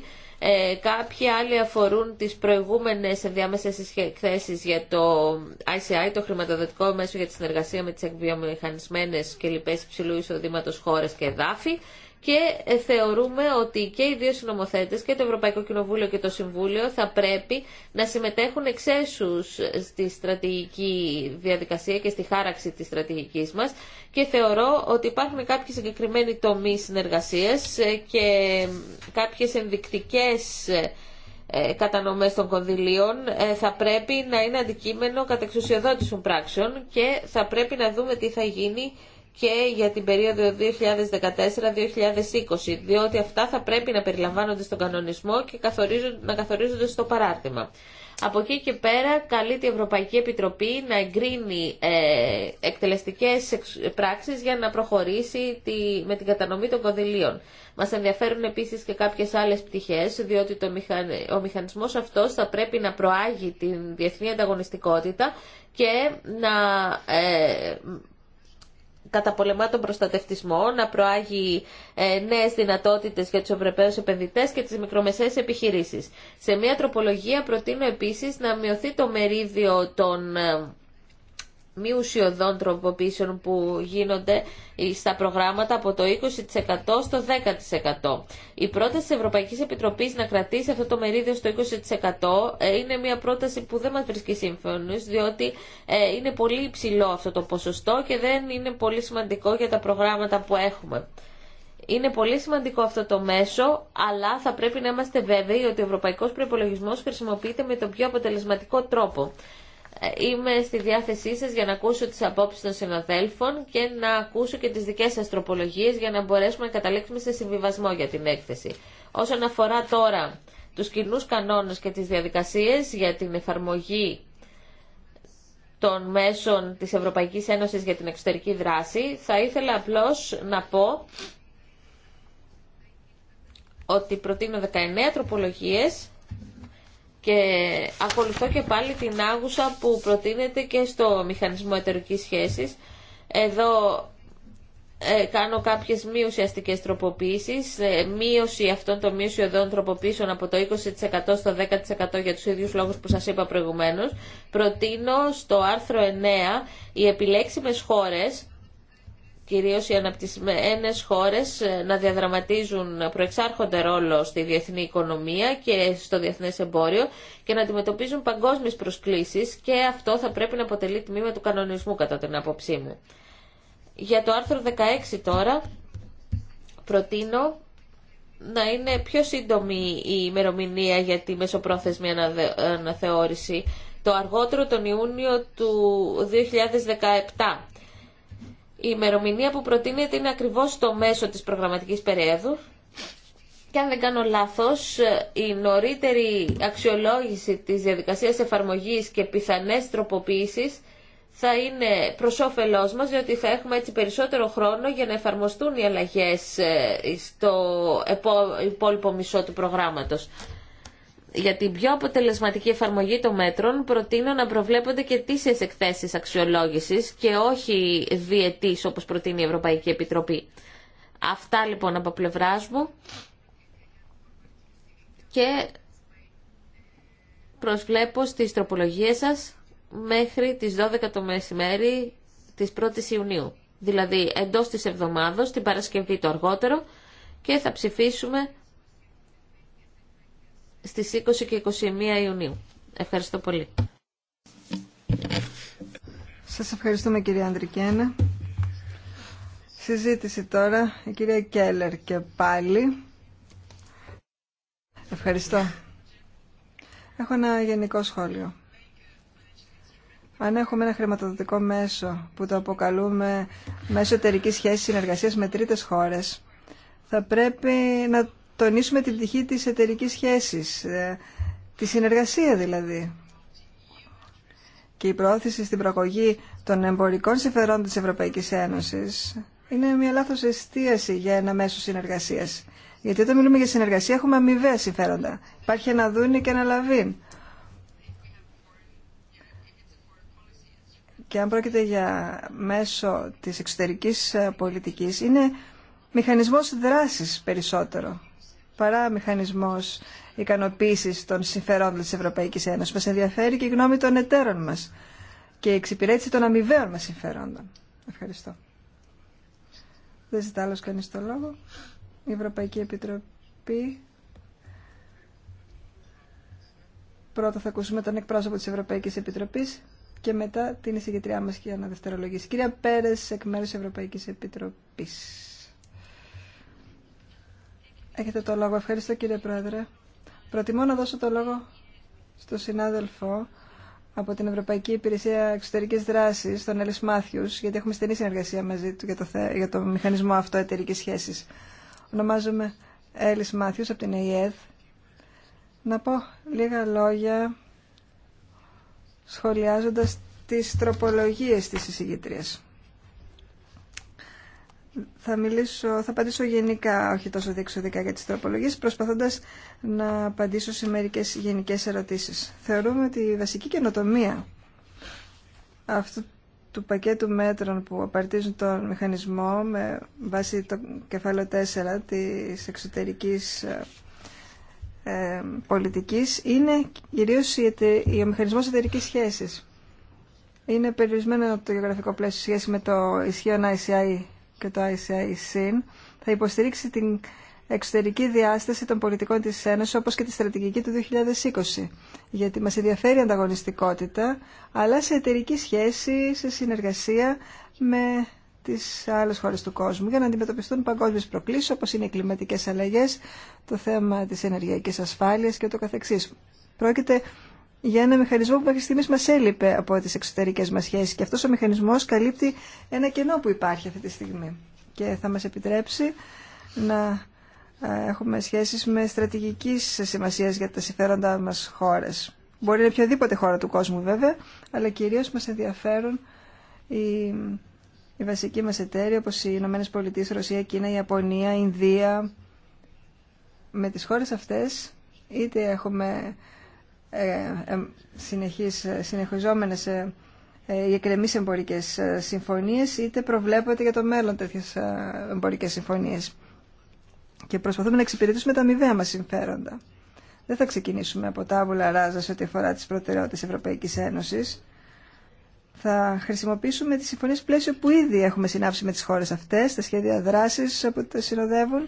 κάποιοι άλλοι αφορούν τις προηγούμενες ενδιάμεσες εκθέσεις για το ICI, το χρηματοδοτικό μέσο για τη συνεργασία με τις εκβιομηχανισμένες και λοιπές υψηλού εισοδήματος χώρες και εδάφη και ε, θεωρούμε ότι και οι δύο συνομοθέτες και το Ευρωπαϊκό Κοινοβούλιο και το Συμβούλιο θα πρέπει να συμμετέχουν εξέσους στη στρατηγική διαδικασία και στη χάραξη της στρατηγικής μας και θεωρώ ότι υπάρχουν κάποιες συγκεκριμένοι τομείς συνεργασίας ε, και κάποιες ενδεικτικές ε, κατανομές των κονδυλίων θα πρέπει να είναι αντικείμενο των πράξεων και θα πρέπει να δούμε τι θα γίνει και για την περίοδο 2014-2020, διότι αυτά θα πρέπει να περιλαμβάνονται στον κανονισμό και να καθορίζονται στο παράρτημα. Από εκεί και πέρα καλεί την Ευρωπαϊκή Επιτροπή να εγκρίνει ε, εκτελεστικές πράξεις για να προχωρήσει τη, με την κατανομή των κονδυλίων. Μας ενδιαφέρουν επίσης και κάποιες άλλες πτυχές, διότι το, ο μηχανισμός αυτός θα πρέπει να προάγει την διεθνή ανταγωνιστικότητα και να ε, καταπολεμά τον προστατευτισμό, να προάγει ε, νέε δυνατότητες για τους Ευρωπαίου επενδυτέ και τις μικρομεσαίες επιχειρήσεις. Σε μια τροπολογία προτείνω επίσης να μειωθεί το μερίδιο των ε, μη ουσιοδών τροποποιήσεων που γίνονται στα προγράμματα από το 20% στο 10%. Η πρόταση της Ευρωπαϊκής Επιτροπής να κρατήσει αυτό το μερίδιο στο 20% ε, είναι μια πρόταση που δεν μας βρίσκει σύμφωνος, διότι ε, είναι πολύ υψηλό αυτό το ποσοστό και δεν είναι πολύ σημαντικό για τα προγράμματα που έχουμε. Είναι πολύ σημαντικό αυτό το μέσο, αλλά θα πρέπει να είμαστε βέβαιοι ότι ο ευρωπαϊκός προπολογισμό χρησιμοποιείται με τον πιο αποτελεσματικό τρόπο. Είμαι στη διάθεσή σας για να ακούσω τις απόψεις των συναδέλφων και να ακούσω και τις δικές σας τροπολογίες για να μπορέσουμε να καταλήξουμε σε συμβιβασμό για την έκθεση. Όσον αφορά τώρα τους κοινούς κανόνες και τις διαδικασίες για την εφαρμογή των μέσων της Ευρωπαϊκής Ένωσης για την εξωτερική δράση, θα ήθελα απλώς να πω ότι προτείνω 19 τροπολογίες και ακολουθώ και πάλι την άγουσα που προτείνεται και στο μηχανισμό εταιρικής σχέσης. Εδώ ε, κάνω κάποιες μη ουσιαστικέ τροποποίησεις, ε, μείωση αυτών των μη ουσιαστικών τροποποίησεων από το 20% στο 10% για τους ίδιους λόγους που σας είπα προηγουμένως. Προτείνω στο άρθρο 9 οι επιλέξιμες χώρες κυρίως οι αναπτυσμένες χώρες ε, να διαδραματίζουν προεξάρχοντα ρόλο στη διεθνή οικονομία και στο διεθνές εμπόριο και να αντιμετωπίζουν παγκόσμιες προσκλήσεις και αυτό θα πρέπει να αποτελεί τμήμα του κανονισμού κατά την άποψή μου. Για το άρθρο 16 τώρα προτείνω να είναι πιο σύντομη η ημερομηνία για τη μεσοπρόθεσμη αναθεώρηση το αργότερο τον Ιούνιο του 2017 η ημερομηνία που προτείνεται είναι ακριβώς το μέσο της προγραμματικής περίοδου και αν δεν κάνω λάθος, η νωρίτερη αξιολόγηση της διαδικασία εφαρμογής και πιθανέ τροποποίησεις θα είναι προ όφελό μα, διότι θα έχουμε έτσι περισσότερο χρόνο για να εφαρμοστούν οι αλλαγέ ε, στο υπόλοιπο μισό του προγράμματο για την πιο αποτελεσματική εφαρμογή των μέτρων προτείνω να προβλέπονται και τίσες εκθέσεις αξιολόγησης και όχι διετής όπως προτείνει η Ευρωπαϊκή Επιτροπή. Αυτά λοιπόν από πλευρά μου και προσβλέπω στις τροπολογίες σας μέχρι τις 12 το μεσημέρι της 1 η Ιουνίου. Δηλαδή εντός της εβδομάδος, την Παρασκευή το αργότερο και θα ψηφίσουμε στις 20 και 21 Ιουνίου. Ευχαριστώ πολύ. Σας ευχαριστούμε κυρία Ανδρικένα. Συζήτηση τώρα η κυρία Κέλλερ και πάλι. Ευχαριστώ. Έχω ένα γενικό σχόλιο. Αν έχουμε ένα χρηματοδοτικό μέσο που το αποκαλούμε μέσο εταιρική σχέση συνεργασίας με τρίτες χώρες, θα πρέπει να τονίσουμε την πτυχή της εταιρικής σχέσης, ε, τη συνεργασία δηλαδή. Και η πρόθεση στην προκογή των εμπορικών συμφερόντων της Ευρωπαϊκής Ένωσης είναι μια λάθος εστίαση για ένα μέσο συνεργασίας. Γιατί όταν μιλούμε για συνεργασία έχουμε αμοιβέ συμφέροντα. Υπάρχει ένα δούνι και ένα λαβίν. Και αν πρόκειται για μέσο της εξωτερικής ε, πολιτικής, είναι μηχανισμός δράσης περισσότερο παρά μηχανισμός ικανοποίηση των συμφερόντων τη Ευρωπαϊκής Ένωσης. Μα ενδιαφέρει και η γνώμη των εταίρων μας και η εξυπηρέτηση των αμοιβαίων μας συμφερόντων. Ευχαριστώ. Δεν ζητά άλλο κανείς το λόγο. Η Ευρωπαϊκή Επιτροπή. Πρώτα θα ακούσουμε τον εκπρόσωπο τη Ευρωπαϊκής Επιτροπής και μετά την εισηγητριά μα για να δευτερολογήσει. Κυρία πέρε εκ μέρους Ευρωπαϊκή Επιτροπή. Έχετε το λόγο. Ευχαριστώ κύριε Πρόεδρε. Προτιμώ να δώσω το λόγο στο συνάδελφο από την Ευρωπαϊκή Υπηρεσία Εξωτερικής Δράσης, τον Έλλης Μάθιους, γιατί έχουμε στενή συνεργασία μαζί του για το, για το μηχανισμό αυτό εταιρικής σχέσης. Ονομάζομαι Έλλης Μάθιους από την ΕΕΔ. Να πω λίγα λόγια σχολιάζοντας τις τροπολογίες της εισηγήτριας θα μιλήσω, θα απαντήσω γενικά, όχι τόσο διεξοδικά για τις τροπολογίες, προσπαθώντας να απαντήσω σε μερικές γενικές ερωτήσεις. Θεωρούμε ότι η βασική καινοτομία αυτού του πακέτου μέτρων που απαρτίζουν τον μηχανισμό με βάση το κεφάλαιο 4 της εξωτερικής ε, πολιτικής είναι κυρίως η, ο μηχανισμός εταιρικής σχέσης. Είναι περιορισμένο το γεωγραφικό πλαίσιο σχέση με το ισχύον ICI και το ICIC θα υποστηρίξει την εξωτερική διάσταση των πολιτικών της Ένωσης όπως και τη στρατηγική του 2020. Γιατί μας ενδιαφέρει η ανταγωνιστικότητα, αλλά σε εταιρική σχέση, σε συνεργασία με τις άλλες χώρες του κόσμου για να αντιμετωπιστούν παγκόσμιες προκλήσεις όπως είναι οι κλιματικές αλλαγές, το θέμα της ενεργειακής ασφάλειας και το καθεξής. Πρόκειται για ένα μηχανισμό που μέχρι στιγμή μα έλειπε από τι εξωτερικέ μα σχέσει. Και αυτό ο μηχανισμό καλύπτει ένα κενό που υπάρχει αυτή τη στιγμή και θα μα επιτρέψει να ε, έχουμε σχέσεις με στρατηγικής σημασία για τα συμφέροντά μας χώρες. Μπορεί να είναι οποιαδήποτε χώρα του κόσμου βέβαια, αλλά κυρίως μας ενδιαφέρουν οι, οι βασικοί μας εταίροι όπως οι Ηνωμένε Πολιτείε, Ρωσία, Κίνα, Ιαπωνία, Ινδία. Με τι χώρε αυτέ είτε έχουμε ε, ε, συνεχείς, ε, συνεχιζόμενες οι εκκρεμείς εμπορικές συμφωνίες είτε προβλέπονται για το μέλλον τέτοιες εμπορικές συμφωνίες. Και προσπαθούμε να εξυπηρετήσουμε τα αμοιβαία μας συμφέροντα. Δεν θα ξεκινήσουμε από τάβουλα ράζα σε ό,τι αφορά τις προτεραιότητες Ευρωπαϊκής Ένωσης. Θα χρησιμοποιήσουμε τις συμφωνίες πλαίσιο που ήδη έχουμε συνάψει με τις χώρες αυτές, τα σχέδια δράσης που τα συνοδεύουν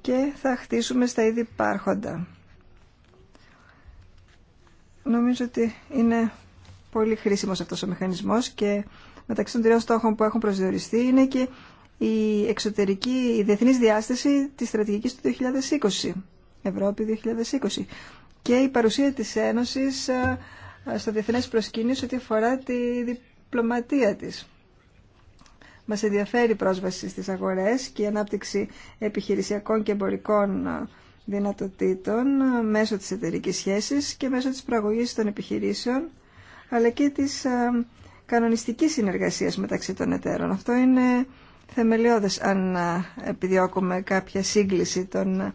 και θα χτίσουμε στα ήδη υπάρχοντα. Νομίζω ότι είναι πολύ χρήσιμος αυτός ο μηχανισμός και μεταξύ των τριών στόχων που έχουν προσδιοριστεί είναι και η εξωτερική, η διεθνής διάσταση της στρατηγικής του 2020, Ευρώπη 2020 και η παρουσία της Ένωσης ε, στο διεθνές προσκήνιο σε ό,τι αφορά τη διπλωματία της. Μας ενδιαφέρει η πρόσβαση στις αγορές και η ανάπτυξη επιχειρησιακών και εμπορικών ε, δυνατοτήτων ε, μέσω της εταιρική σχέσης και μέσω της προαγωγής των επιχειρήσεων αλλά και της ε, κανονιστικής συνεργασίας μεταξύ των εταίρων. Αυτό είναι θεμελιώδες αν ε, επιδιώκουμε κάποια σύγκληση των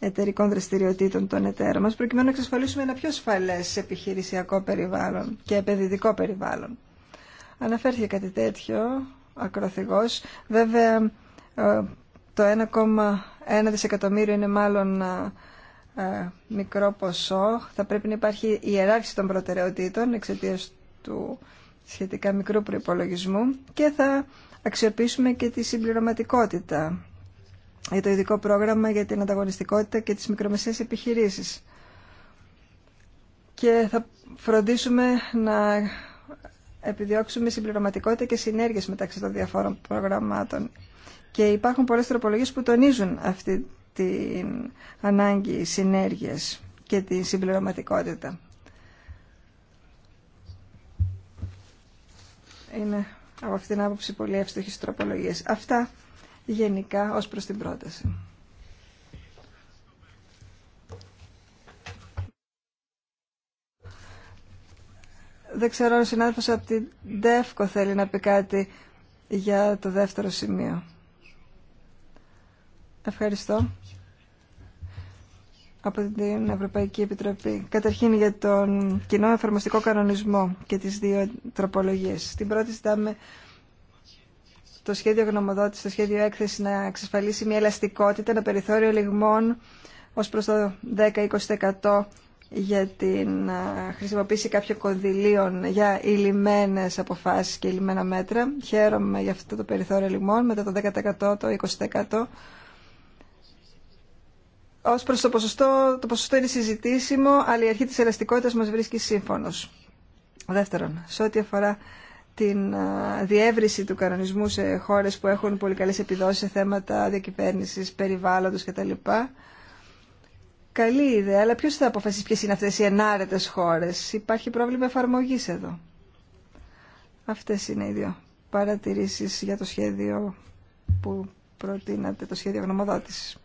εταιρικών δραστηριοτήτων των εταίρων μας προκειμένου να εξασφαλίσουμε ένα πιο ασφαλές επιχειρησιακό περιβάλλον και επενδυτικό περιβάλλον. Αναφέρθηκε κάτι τέτοιο ακροθυγός. Βέβαια το ένα δισεκατομμύριο είναι μάλλον ε, ε, μικρό ποσό. Θα πρέπει να υπάρχει η ιεράρχηση των προτεραιοτήτων εξαιτία του σχετικά μικρού προϋπολογισμού και θα αξιοποιήσουμε και τη συμπληρωματικότητα για το ειδικό πρόγραμμα για την ανταγωνιστικότητα και τις μικρομεσαίες επιχειρήσεις. Και θα φροντίσουμε να επιδιώξουμε συμπληρωματικότητα και συνέργειες μεταξύ των διαφόρων προγραμμάτων. Και υπάρχουν πολλές τροπολογίες που τονίζουν αυτή την ανάγκη συνέργειας και τη συμπληρωματικότητα. Είναι από αυτήν την άποψη πολύ εύστοχες τροπολογίες. Αυτά γενικά ως προς την πρόταση. Δεν ξέρω αν ο συνάδελφος από την ΔΕΦΚΟ θέλει να πει κάτι για το δεύτερο σημείο. Ευχαριστώ. Από την Ευρωπαϊκή Επιτροπή. Καταρχήν για τον κοινό εφαρμοστικό κανονισμό και τις δύο τροπολογίες. Στην πρώτη ζητάμε το σχέδιο γνωμοδότηση, το σχέδιο έκθεση να εξασφαλίσει μια ελαστικότητα, ένα περιθώριο λιγμών ως προς το 10-20% για την χρησιμοποίηση κάποιων κονδυλίων για ηλιμένες αποφάσεις και ηλιμένα μέτρα. Χαίρομαι για αυτό το περιθώριο λιγμών, μετά το 10% το 20% ως προς το ποσοστό, το ποσοστό είναι συζητήσιμο, αλλά η αρχή της ελαστικότητας μας βρίσκει σύμφωνος. Δεύτερον, σε ό,τι αφορά την διεύρυνση του κανονισμού σε χώρες που έχουν πολύ καλές επιδόσεις σε θέματα διακυβέρνησης, περιβάλλοντος κτλ. Καλή ιδέα, αλλά ποιος θα αποφασίσει ποιες είναι αυτές οι ενάρετες χώρες. Υπάρχει πρόβλημα εφαρμογή εδώ. Αυτές είναι οι δύο παρατηρήσεις για το σχέδιο που προτείνατε, το σχέδιο γνωμοδότησης.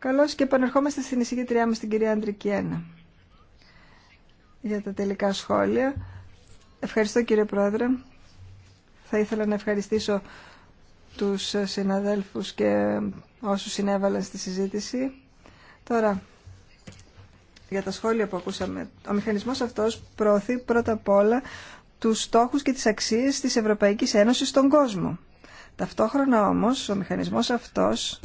Καλώς και επανερχόμαστε στην εισηγήτριά μας, την κυρία Αντρικιένα, για τα τελικά σχόλια. Ευχαριστώ κύριε Πρόεδρε. Θα ήθελα να ευχαριστήσω τους συναδέλφους και όσους συνέβαλαν στη συζήτηση. Τώρα, για τα σχόλια που ακούσαμε, ο μηχανισμός αυτός προωθεί πρώτα απ' όλα τους στόχους και τις αξίες της Ευρωπαϊκής Ένωσης στον κόσμο. Ταυτόχρονα όμως ο μηχανισμός αυτός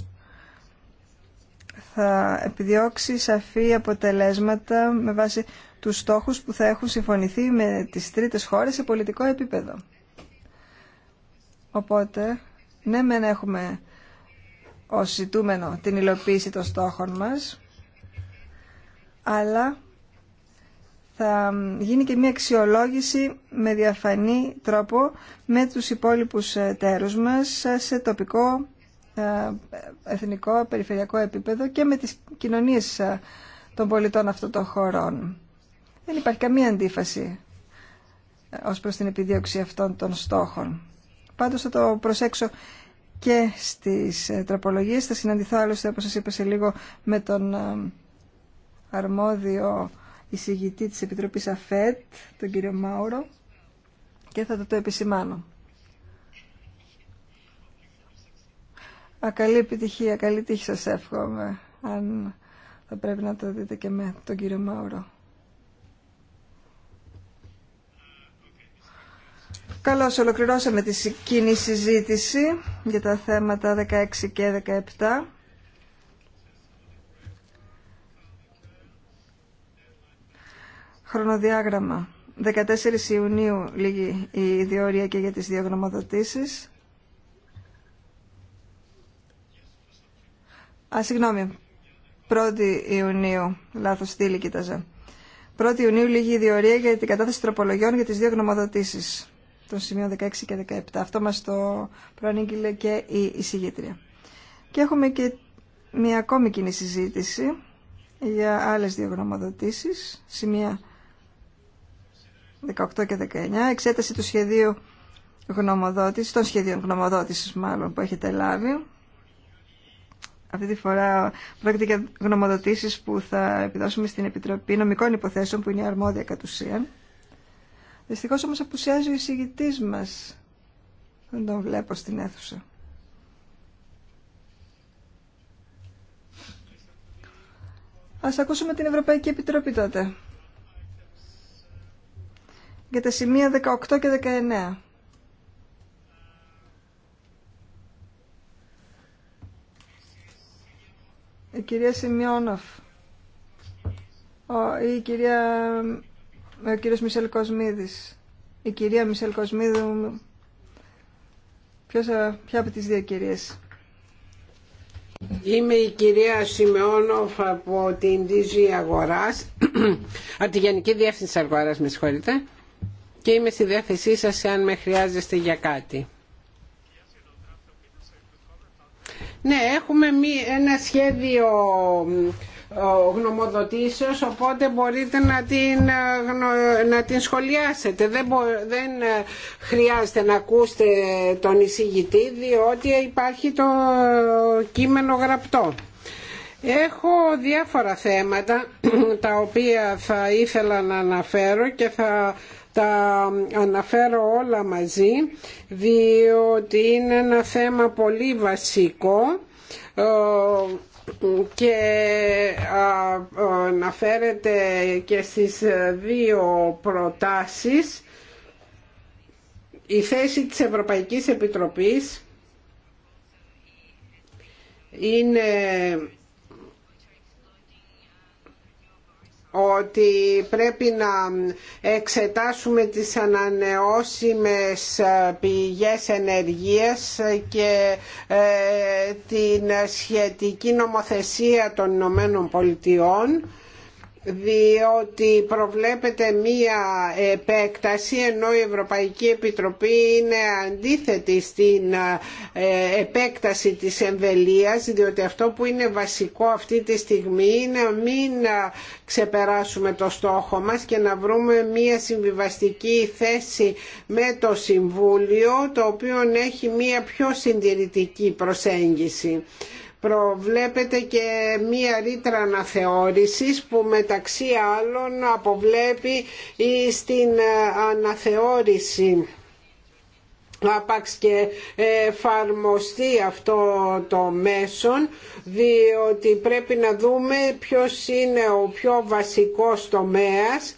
θα επιδιώξει σαφή αποτελέσματα με βάση τους στόχους που θα έχουν συμφωνηθεί με τις τρίτες χώρες σε πολιτικό επίπεδο. Οπότε, ναι μεν έχουμε ως ζητούμενο την υλοποίηση των στόχων μας, αλλά θα γίνει και μια αξιολόγηση με διαφανή τρόπο με τους υπόλοιπους τέρους μας σε τοπικό ε, εθνικό, περιφερειακό επίπεδο και με τις κοινωνίες ε, των πολιτών αυτών των χωρών. Δεν υπάρχει καμία αντίφαση ε, ως προς την επιδίωξη αυτών των στόχων. Πάντως θα το προσέξω και στις τραπολογίες. Θα συναντηθώ άλλωστε, όπως σας είπα σε λίγο, με τον αρμόδιο εισηγητή της Επιτροπής ΑΦΕΤ, τον κύριο Μάουρο, και θα το, το επισημάνω. καλή επιτυχία, καλή τύχη σας εύχομαι, αν θα πρέπει να το δείτε και με τον κύριο Μάουρο. Καλώς ολοκληρώσαμε τη κοινή συζήτηση για τα θέματα 16 και 17. Χρονοδιάγραμμα. 14 Ιουνίου λίγη η διορία και για τις διαγνωμοδοτήσεις. Α, συγγνώμη. 1η Ιουνίου. Λάθος στήλη κοίταζα. 1η Ιουνίου λίγη η ιουνιου λάθο στηλη κοιταζα 1 η ιουνιου λιγη η διορια για την κατάθεση τροπολογιών για τις δύο γνωμοδοτήσει. των σημείων 16 και 17. Αυτό μα το προανήγγειλε και η εισηγήτρια. Και έχουμε και μια ακόμη κοινή συζήτηση για άλλες δύο γνωμοδοτήσεις, σημεία 18 και 19, εξέταση του σχεδίου των σχεδίων γνωμοδότησης μάλλον που έχετε λάβει, αυτή τη φορά πρόκειται για γνωμοδοτήσεις που θα επιδώσουμε στην Επιτροπή Νομικών Υποθέσεων που είναι η αρμόδια κατ' ουσίαν. Δυστυχώς όμως απουσιάζει ο εισηγητή μα Δεν τον βλέπω στην αίθουσα. Ας ακούσουμε την Ευρωπαϊκή Επιτροπή τότε. Για τα σημεία 18 και 19. η κυρία Σιμιώνοφ, η κυρία, ο κύριος Μισελ Κοσμίδης, η κυρία Μισελ Κοσμίδου, ε, ποια από τις δύο κυρίες. Είμαι η κυρία Σιμεώνοφ από την Δίζη Αγοράς, <clears throat> από τη Γενική Διεύθυνση Αγοράς, με συγχωρείτε, και είμαι στη διάθεσή σας αν με χρειάζεστε για κάτι. Ναι, έχουμε ένα σχέδιο γνωμοδοτήσεως οπότε μπορείτε να την, να την σχολιάσετε δεν, δεν χρειάζεται να ακούσετε τον εισηγητή διότι υπάρχει το κείμενο γραπτό Έχω διάφορα θέματα <clears throat> τα οποία θα ήθελα να αναφέρω και θα τα αναφέρω όλα μαζί διότι είναι ένα θέμα πολύ βασικό ε, και αναφέρεται και στις δύο προτάσεις η θέση της Ευρωπαϊκής Επιτροπής είναι ότι πρέπει να εξετάσουμε τις ανανεώσιμες πηγές ενεργείας και ε, την σχετική νομοθεσία των Ηνωμένων Πολιτειών διότι προβλέπεται μία επέκταση ενώ η Ευρωπαϊκή Επιτροπή είναι αντίθετη στην ε, επέκταση της εμβελίας διότι αυτό που είναι βασικό αυτή τη στιγμή είναι να μην ε, ξεπεράσουμε το στόχο μας και να βρούμε μία συμβιβαστική θέση με το Συμβούλιο το οποίο έχει μία πιο συντηρητική προσέγγιση προβλέπεται και μία ρήτρα αναθεώρησης που μεταξύ άλλων αποβλέπει στην ε, αναθεώρηση άπαξ και εφαρμοστεί αυτό το μέσον διότι πρέπει να δούμε ποιος είναι ο πιο βασικός τομέας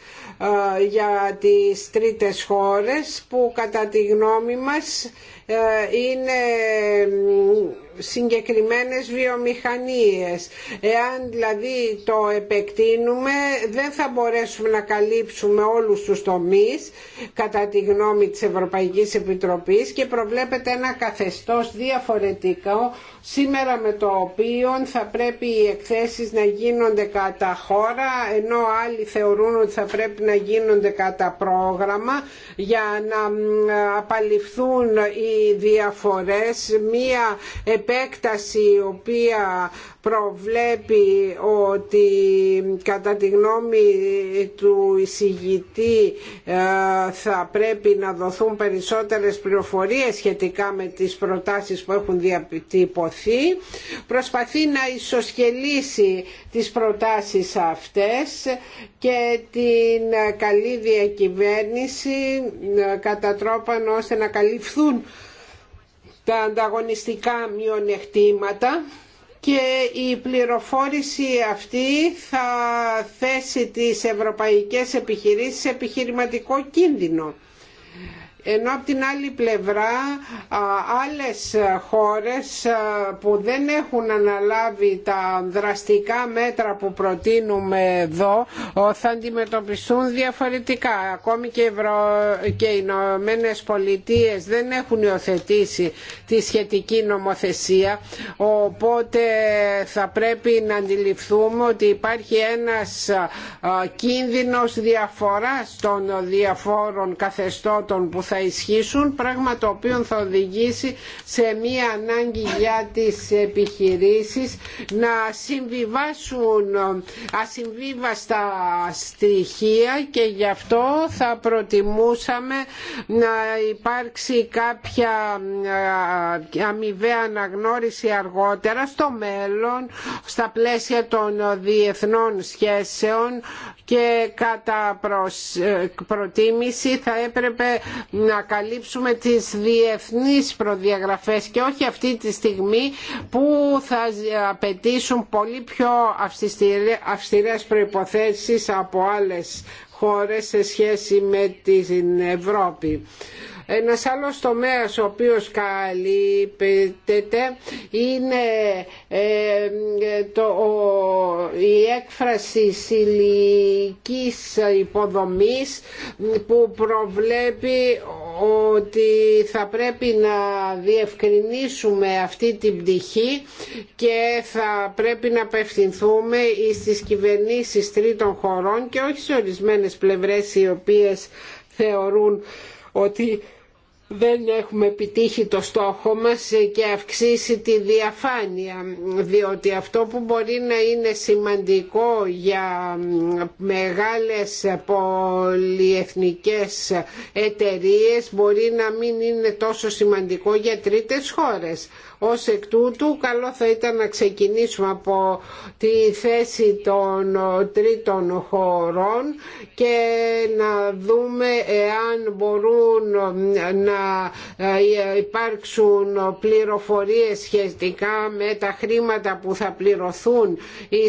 ε, για τις τρίτες χώρες που κατά τη γνώμη μας ε, είναι συγκεκριμένες βιομηχανίες. Εάν δηλαδή το επεκτείνουμε δεν θα μπορέσουμε να καλύψουμε όλους τους τομείς κατά τη γνώμη της Ευρωπαϊκής Επιτροπής και προβλέπεται ένα καθεστώς διαφορετικό σήμερα με το οποίο θα πρέπει οι εκθέσεις να γίνονται κατά χώρα ενώ άλλοι θεωρούν ότι θα πρέπει να γίνονται κατά πρόγραμμα για να απαλληφθούν οι διαφορές μία επέκταση η οποία προβλέπει ότι κατά τη γνώμη του εισηγητή ε, θα πρέπει να δοθούν περισσότερες πληροφορίες σχετικά με τις προτάσεις που έχουν διατυπωθεί προσπαθεί να ισοσκελίσει τις προτάσεις αυτές και την καλή διακυβέρνηση ε, κατά τρόπον ώστε να καλυφθούν τα ανταγωνιστικά μειονεκτήματα και η πληροφόρηση αυτή θα θέσει τις ευρωπαϊκές επιχειρήσεις σε επιχειρηματικό κίνδυνο ενώ από την άλλη πλευρά άλλες χώρες που δεν έχουν αναλάβει τα δραστικά μέτρα που προτείνουμε εδώ θα αντιμετωπιστούν διαφορετικά. Ακόμη και, Ευρω... και οι Ηνωμένε Πολιτείε δεν έχουν υιοθετήσει τη σχετική νομοθεσία οπότε θα πρέπει να αντιληφθούμε ότι υπάρχει ένας κίνδυνος διαφοράς των διαφόρων καθεστώτων που θα ισχύσουν πράγμα το οποίο θα οδηγήσει σε μία ανάγκη για τις επιχειρήσεις να συμβιβάσουν ασυμβίβαστα στοιχεία και γι' αυτό θα προτιμούσαμε να υπάρξει κάποια ε, αμοιβαία αναγνώριση αργότερα στο μέλλον στα πλαίσια των διεθνών σχέσεων και κατά ε, προτίμηση θα έπρεπε να καλύψουμε τις διεθνείς προδιαγραφές και όχι αυτή τη στιγμή που θα απαιτήσουν πολύ πιο αυστηρές προϋποθέσεις από άλλες χώρες σε σχέση με την Ευρώπη. Ένα άλλος τομέας ο οποίος καλύπτεται είναι ε, το, η έκφραση συλλικής υποδομής που προβλέπει ότι θα πρέπει να διευκρινίσουμε αυτή την πτυχή και θα πρέπει να απευθυνθούμε στι κυβερνήσεις τρίτων χωρών και όχι σε ορισμένες πλευρές οι οποίες θεωρούν ότι δεν έχουμε επιτύχει το στόχο μας και αυξήσει τη διαφάνεια διότι αυτό που μπορεί να είναι σημαντικό για μεγάλες πολυεθνικές εταιρείες μπορεί να μην είναι τόσο σημαντικό για τρίτες χώρες. Ως εκ τούτου καλό θα ήταν να ξεκινήσουμε από τη θέση των τρίτων χωρών και να δούμε εάν μπορούν να υπάρξουν πληροφορίες σχετικά με τα χρήματα που θα πληρωθούν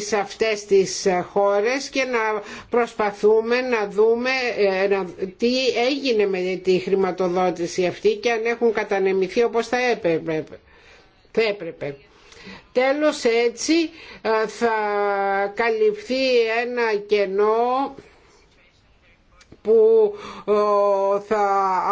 σε αυτές τις χώρες και να προσπαθούμε να δούμε ε, τι έγινε με τη χρηματοδότηση αυτή και αν έχουν κατανεμηθεί όπως θα έπρεπε θα έπρεπε. Τέλος έτσι θα καλυφθεί ένα κενό που ε, θα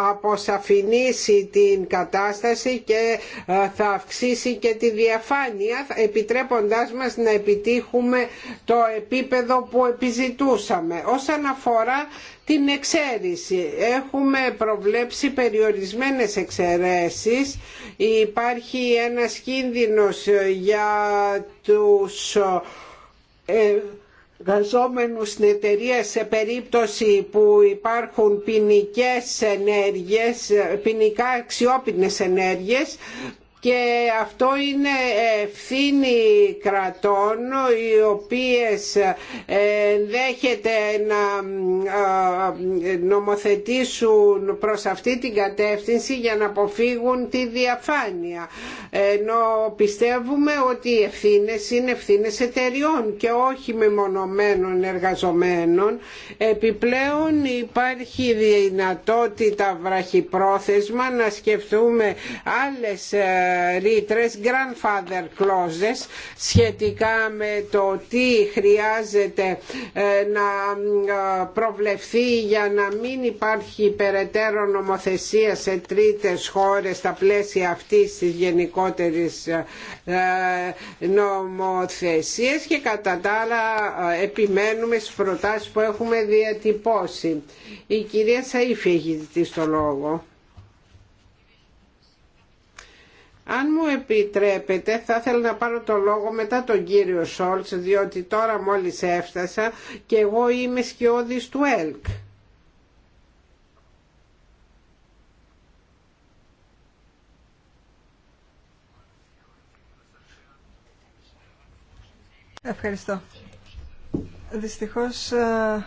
αποσαφηνίσει την κατάσταση και ε, θα αυξήσει και τη διαφάνεια επιτρέποντάς μας να επιτύχουμε το επίπεδο που επιζητούσαμε. Όσον αφορά την εξαίρεση. Έχουμε προβλέψει περιορισμένες εξαιρέσεις. Υπάρχει ένας κίνδυνος ε, για τους εργαζόμενους στην εταιρεία σε περίπτωση που υπάρχουν ποινικές ενέργειες, ποινικά αξιόπινες ενέργειες και αυτό είναι ευθύνη κρατών οι οποίες ε, δέχεται να ε, νομοθετήσουν προς αυτή την κατεύθυνση για να αποφύγουν τη διαφάνεια ενώ πιστεύουμε ότι οι ευθύνες είναι ευθύνες εταιριών και όχι μεμονωμένων εργαζομένων επιπλέον υπάρχει δυνατότητα βραχυπρόθεσμα να σκεφτούμε άλλες ε, ρήτρες grandfather clauses σχετικά με το τι χρειάζεται ε, να ε, προβλεφθεί για να μην υπάρχει περαιτέρω νομοθεσία σε τρίτες χώρες στα πλαίσια αυτής της γενικότερης ε, νομοθεσίας και κατά τα άλλα επιμένουμε στις προτάσεις που έχουμε διατυπώσει. Η κυρία Σαΐφη έχει ζητήσει το λόγο. Αν μου επιτρέπετε θα ήθελα να πάρω το λόγο μετά τον κύριο Σόλτς διότι τώρα μόλις έφτασα και εγώ είμαι σκιώδης του ΕΛΚ. Ευχαριστώ. Δυστυχώς ε,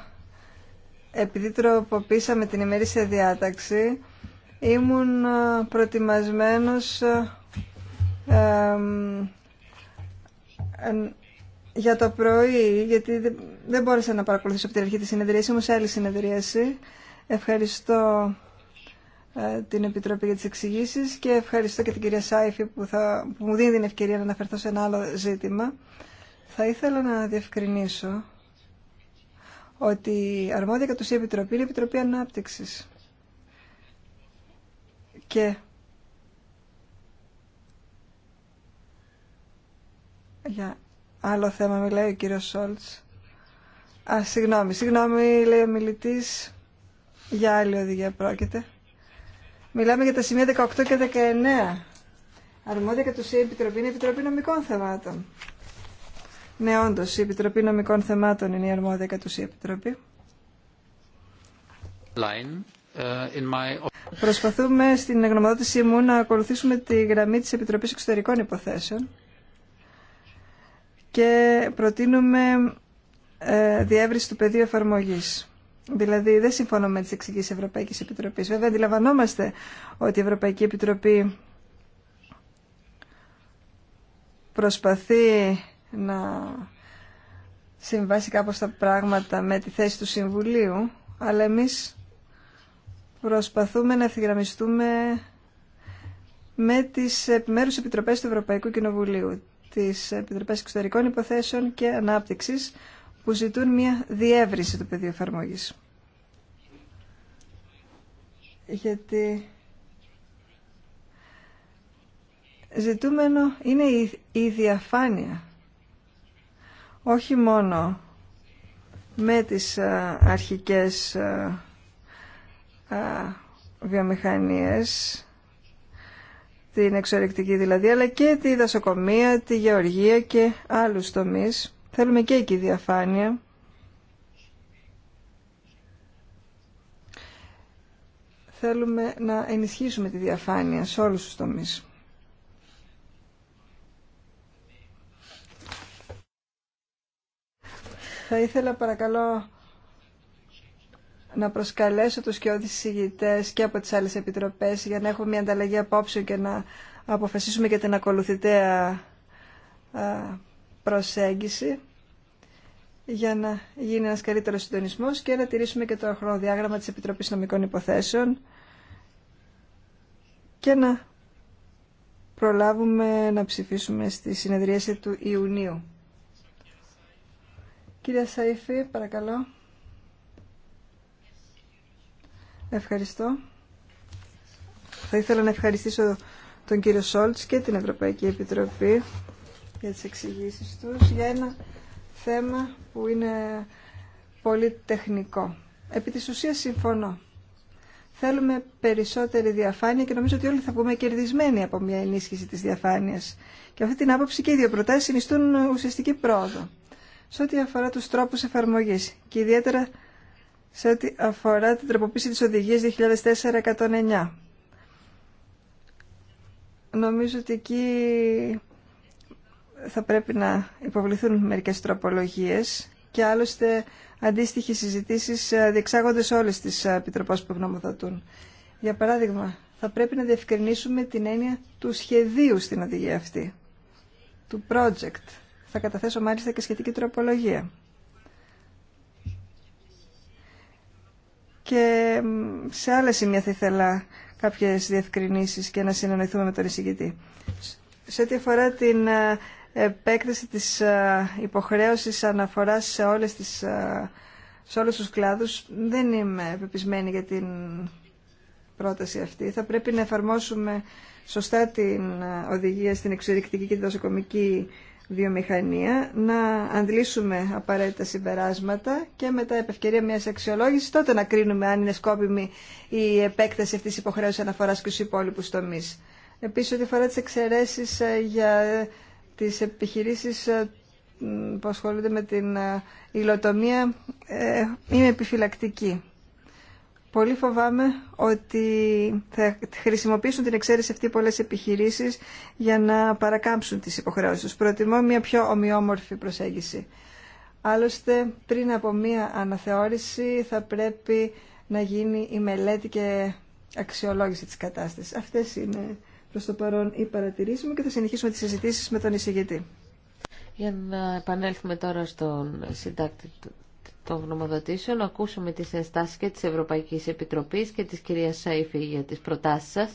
επειδή τροποποίησαμε την ημερήσια διάταξη ήμουν ε, προετοιμασμένος ε, για το πρωί, γιατί δεν μπόρεσα να παρακολουθήσω από την αρχή τη συνεδρίαση, όμως άλλη συνεδρίαση. Ευχαριστώ ε, την Επιτροπή για τις εξηγήσει και ευχαριστώ και την κυρία Σάιφη που, θα, που μου δίνει την ευκαιρία να αναφερθώ σε ένα άλλο ζήτημα. Θα ήθελα να διευκρινίσω ότι η αρμόδια κατ' ουσία επιτροπή είναι η Επιτροπή Ανάπτυξης. Και Για άλλο θέμα μιλάει ο κύριος Σόλτς. Α, συγγνώμη, συγγνώμη, λέει ο μιλητής. Για άλλη οδηγία πρόκειται. Μιλάμε για τα σημεία 18 και 19. Αρμόδια κατ' ουσία Επιτροπή είναι η Επιτροπή Νομικών Θεμάτων. Ναι, όντω, η Επιτροπή Νομικών Θεμάτων είναι η αρμόδια κατ' ουσία Επιτροπή. Uh, Προσπαθούμε στην εγγνωμοδότησή μου να ακολουθήσουμε τη γραμμή της Επιτροπής Εξωτερικών Υποθέσεων και προτείνουμε ε, διεύρυνση του πεδίου εφαρμογή. Δηλαδή δεν συμφωνώ με τις εξηγήσεις Ευρωπαϊκής Επιτροπής. Βέβαια αντιλαμβανόμαστε ότι η Ευρωπαϊκή Επιτροπή προσπαθεί να συμβάσει κάπως τα πράγματα με τη θέση του Συμβουλίου, αλλά εμείς προσπαθούμε να ευθυγραμμιστούμε με τις επιμέρους επιτροπές του Ευρωπαϊκού Κοινοβουλίου, τις Επιτροπές Εξωτερικών Υποθέσεων και Ανάπτυξης που ζητούν μια διεύρυνση του πεδίου εφαρμογή. Γιατί ζητούμενο είναι η διαφάνεια. Όχι μόνο με τις αρχικές βιομηχανίες την εξορρεκτική δηλαδή, αλλά και τη δασοκομεία, τη γεωργία και άλλους τομείς. Θέλουμε και εκεί διαφάνεια. Θέλουμε να ενισχύσουμε τη διαφάνεια σε όλους τους τομείς. Θα ήθελα παρακαλώ να προσκαλέσω τους και ηγητές και από τις άλλες επιτροπές για να έχουμε μια ανταλλαγή απόψεων και να αποφασίσουμε και την ακολουθητέα προσέγγιση για να γίνει ένας καλύτερος συντονισμός και να τηρήσουμε και το χρονοδιάγραμμα της Επιτροπής Νομικών Υποθέσεων και να προλάβουμε να ψηφίσουμε στη συνεδρίαση του Ιουνίου. Κυρία Σαΐφη, παρακαλώ. Ευχαριστώ. Θα ήθελα να ευχαριστήσω τον κύριο Σόλτς και την Ευρωπαϊκή Επιτροπή για τις εξηγήσει τους για ένα θέμα που είναι πολύ τεχνικό. Επί της ουσίας συμφωνώ. Θέλουμε περισσότερη διαφάνεια και νομίζω ότι όλοι θα βγούμε κερδισμένοι από μια ενίσχυση της διαφάνειας. Και αυτή την άποψη και οι δύο προτάσεις συνιστούν ουσιαστική πρόοδο. Σε ό,τι αφορά τους τρόπους εφαρμογής και ιδιαίτερα σε ό,τι αφορά την τροποποίηση της οδηγίας 2004-109. Νομίζω ότι εκεί θα πρέπει να υποβληθούν μερικές τροπολογίες και άλλωστε αντίστοιχες συζητήσεις ε, διεξάγονται σε όλες τις ε, επιτροπές που γνωμοδοτούν. Για παράδειγμα, θα πρέπει να διευκρινίσουμε την έννοια του σχεδίου στην οδηγία αυτή, του project. Θα καταθέσω μάλιστα και σχετική τροπολογία. και σε άλλα σημεία θα ήθελα κάποιες διευκρινήσεις και να συνεννοηθούμε με τον εισηγητή. Σε ό,τι αφορά την ε, επέκταση της ε, υποχρέωσης αναφοράς σε, όλες τις, ε, σε όλους τους κλάδους, δεν είμαι επιπισμένη για την πρόταση αυτή. Θα πρέπει να εφαρμόσουμε σωστά την οδηγία στην εξωτερική και την δοσοκομική βιομηχανία, να αντλήσουμε απαραίτητα συμπεράσματα και μετά επ' ευκαιρία μιας αξιολόγησης τότε να κρίνουμε αν είναι σκόπιμη η επέκταση αυτής της υποχρέωσης αναφοράς και στους υπόλοιπους τομείς. Επίσης, ό,τι αφορά τις εξαιρέσεις ε, για τις επιχειρήσεις ε, που ασχολούνται με την ε, υλοτομία, είμαι επιφυλακτική. Πολύ φοβάμαι ότι θα χρησιμοποιήσουν την εξαίρεση αυτή πολλές επιχειρήσεις για να παρακάμψουν τις υποχρεώσεις τους. Προτιμώ μια πιο ομοιόμορφη προσέγγιση. Άλλωστε, πριν από μια αναθεώρηση θα πρέπει να γίνει η μελέτη και αξιολόγηση της κατάστασης. Αυτές είναι προς το παρόν οι παρατηρήσεις μου και θα συνεχίσουμε τις συζητήσεις με τον εισηγητή. Για να επανέλθουμε τώρα στον συντάκτη των γνωμοδοτήσεων. Ακούσαμε τις ενστάσεις και της Ευρωπαϊκής Επιτροπής και της κυρίας Σαΐφη για τις προτάσεις σας.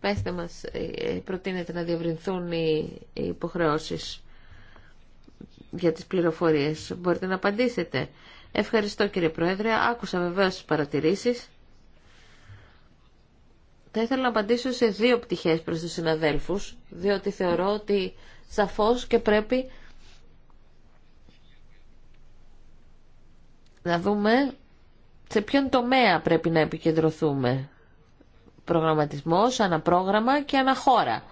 Πέστε μας, ε, ε, προτείνετε να διευρυνθούν οι υποχρεώσεις για τις πληροφορίες. Μπορείτε να απαντήσετε. Ευχαριστώ κύριε Πρόεδρε. Άκουσα βεβαίως τις παρατηρήσεις. Θα ήθελα να απαντήσω σε δύο πτυχές προς τους συναδέλφους, διότι θεωρώ ότι σαφώς και πρέπει να δούμε σε ποιον τομέα πρέπει να επικεντρωθούμε. Προγραμματισμός, αναπρόγραμμα και αναχώρα.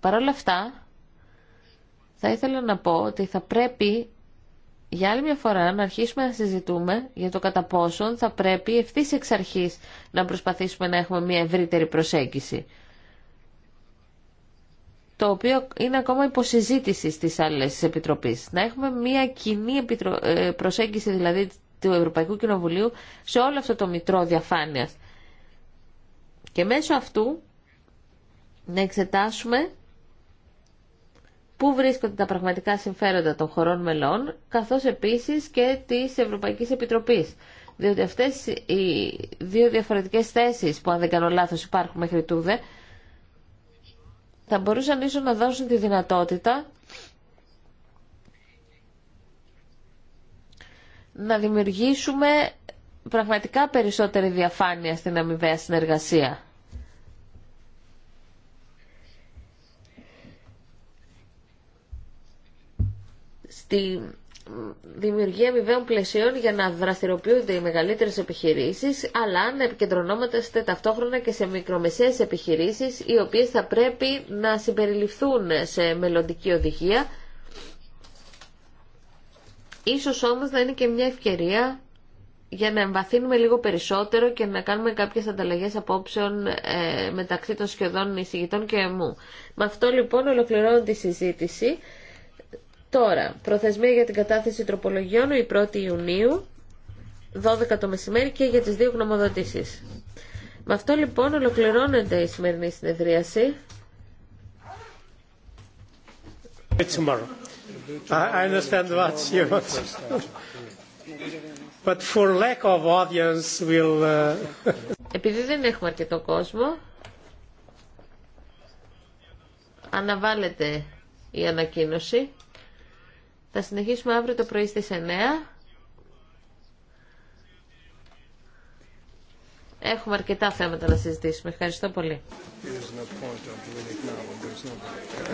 Παρ' όλα αυτά, θα ήθελα να πω ότι θα πρέπει για άλλη μια φορά να αρχίσουμε να συζητούμε για το κατά πόσον θα πρέπει ευθύ εξ αρχής να προσπαθήσουμε να έχουμε μια ευρύτερη προσέγγιση το οποίο είναι ακόμα υποσυζήτηση στις άλλες επιτροπές. Να έχουμε μια κοινή ε, προσέγγιση δηλαδή του Ευρωπαϊκού Κοινοβουλίου σε όλο αυτό το μητρό διαφάνειας. Και μέσω αυτού να εξετάσουμε πού βρίσκονται τα πραγματικά συμφέροντα των χωρών μελών, καθώς επίσης και της Ευρωπαϊκής Επιτροπής. Διότι αυτές οι δύο διαφορετικές θέσεις που αν δεν κάνω λάθος υπάρχουν μέχρι τούδε, θα μπορούσαν ίσως να δώσουν τη δυνατότητα να δημιουργήσουμε πραγματικά περισσότερη διαφάνεια στην αμοιβαία συνεργασία δημιουργία αμοιβαίων πλαισίων για να δραστηριοποιούνται οι μεγαλύτερες επιχειρήσεις, αλλά να επικεντρωνόμαστε ταυτόχρονα και σε μικρομεσαίες επιχειρήσεις, οι οποίες θα πρέπει να συμπεριληφθούν σε μελλοντική οδηγία. Ίσως όμως να είναι και μια ευκαιρία για να εμβαθύνουμε λίγο περισσότερο και να κάνουμε κάποιες ανταλλαγές απόψεων ε, μεταξύ των σχεδόν εισηγητών και εμού. Με αυτό λοιπόν ολοκληρώνω τη συζήτηση. Τώρα, προθεσμία για την κατάθεση τροπολογιών η 1η Ιουνίου, 12 το μεσημέρι και για τις δύο γνωμοδοτήσεις. Με αυτό λοιπόν ολοκληρώνεται η σημερινή συνεδρίαση. Επειδή δεν έχουμε αρκετό κόσμο, αναβάλλεται η ανακοίνωση. Θα συνεχίσουμε αύριο το πρωί στις 9. Έχουμε αρκετά θέματα να συζητήσουμε. Ευχαριστώ πολύ.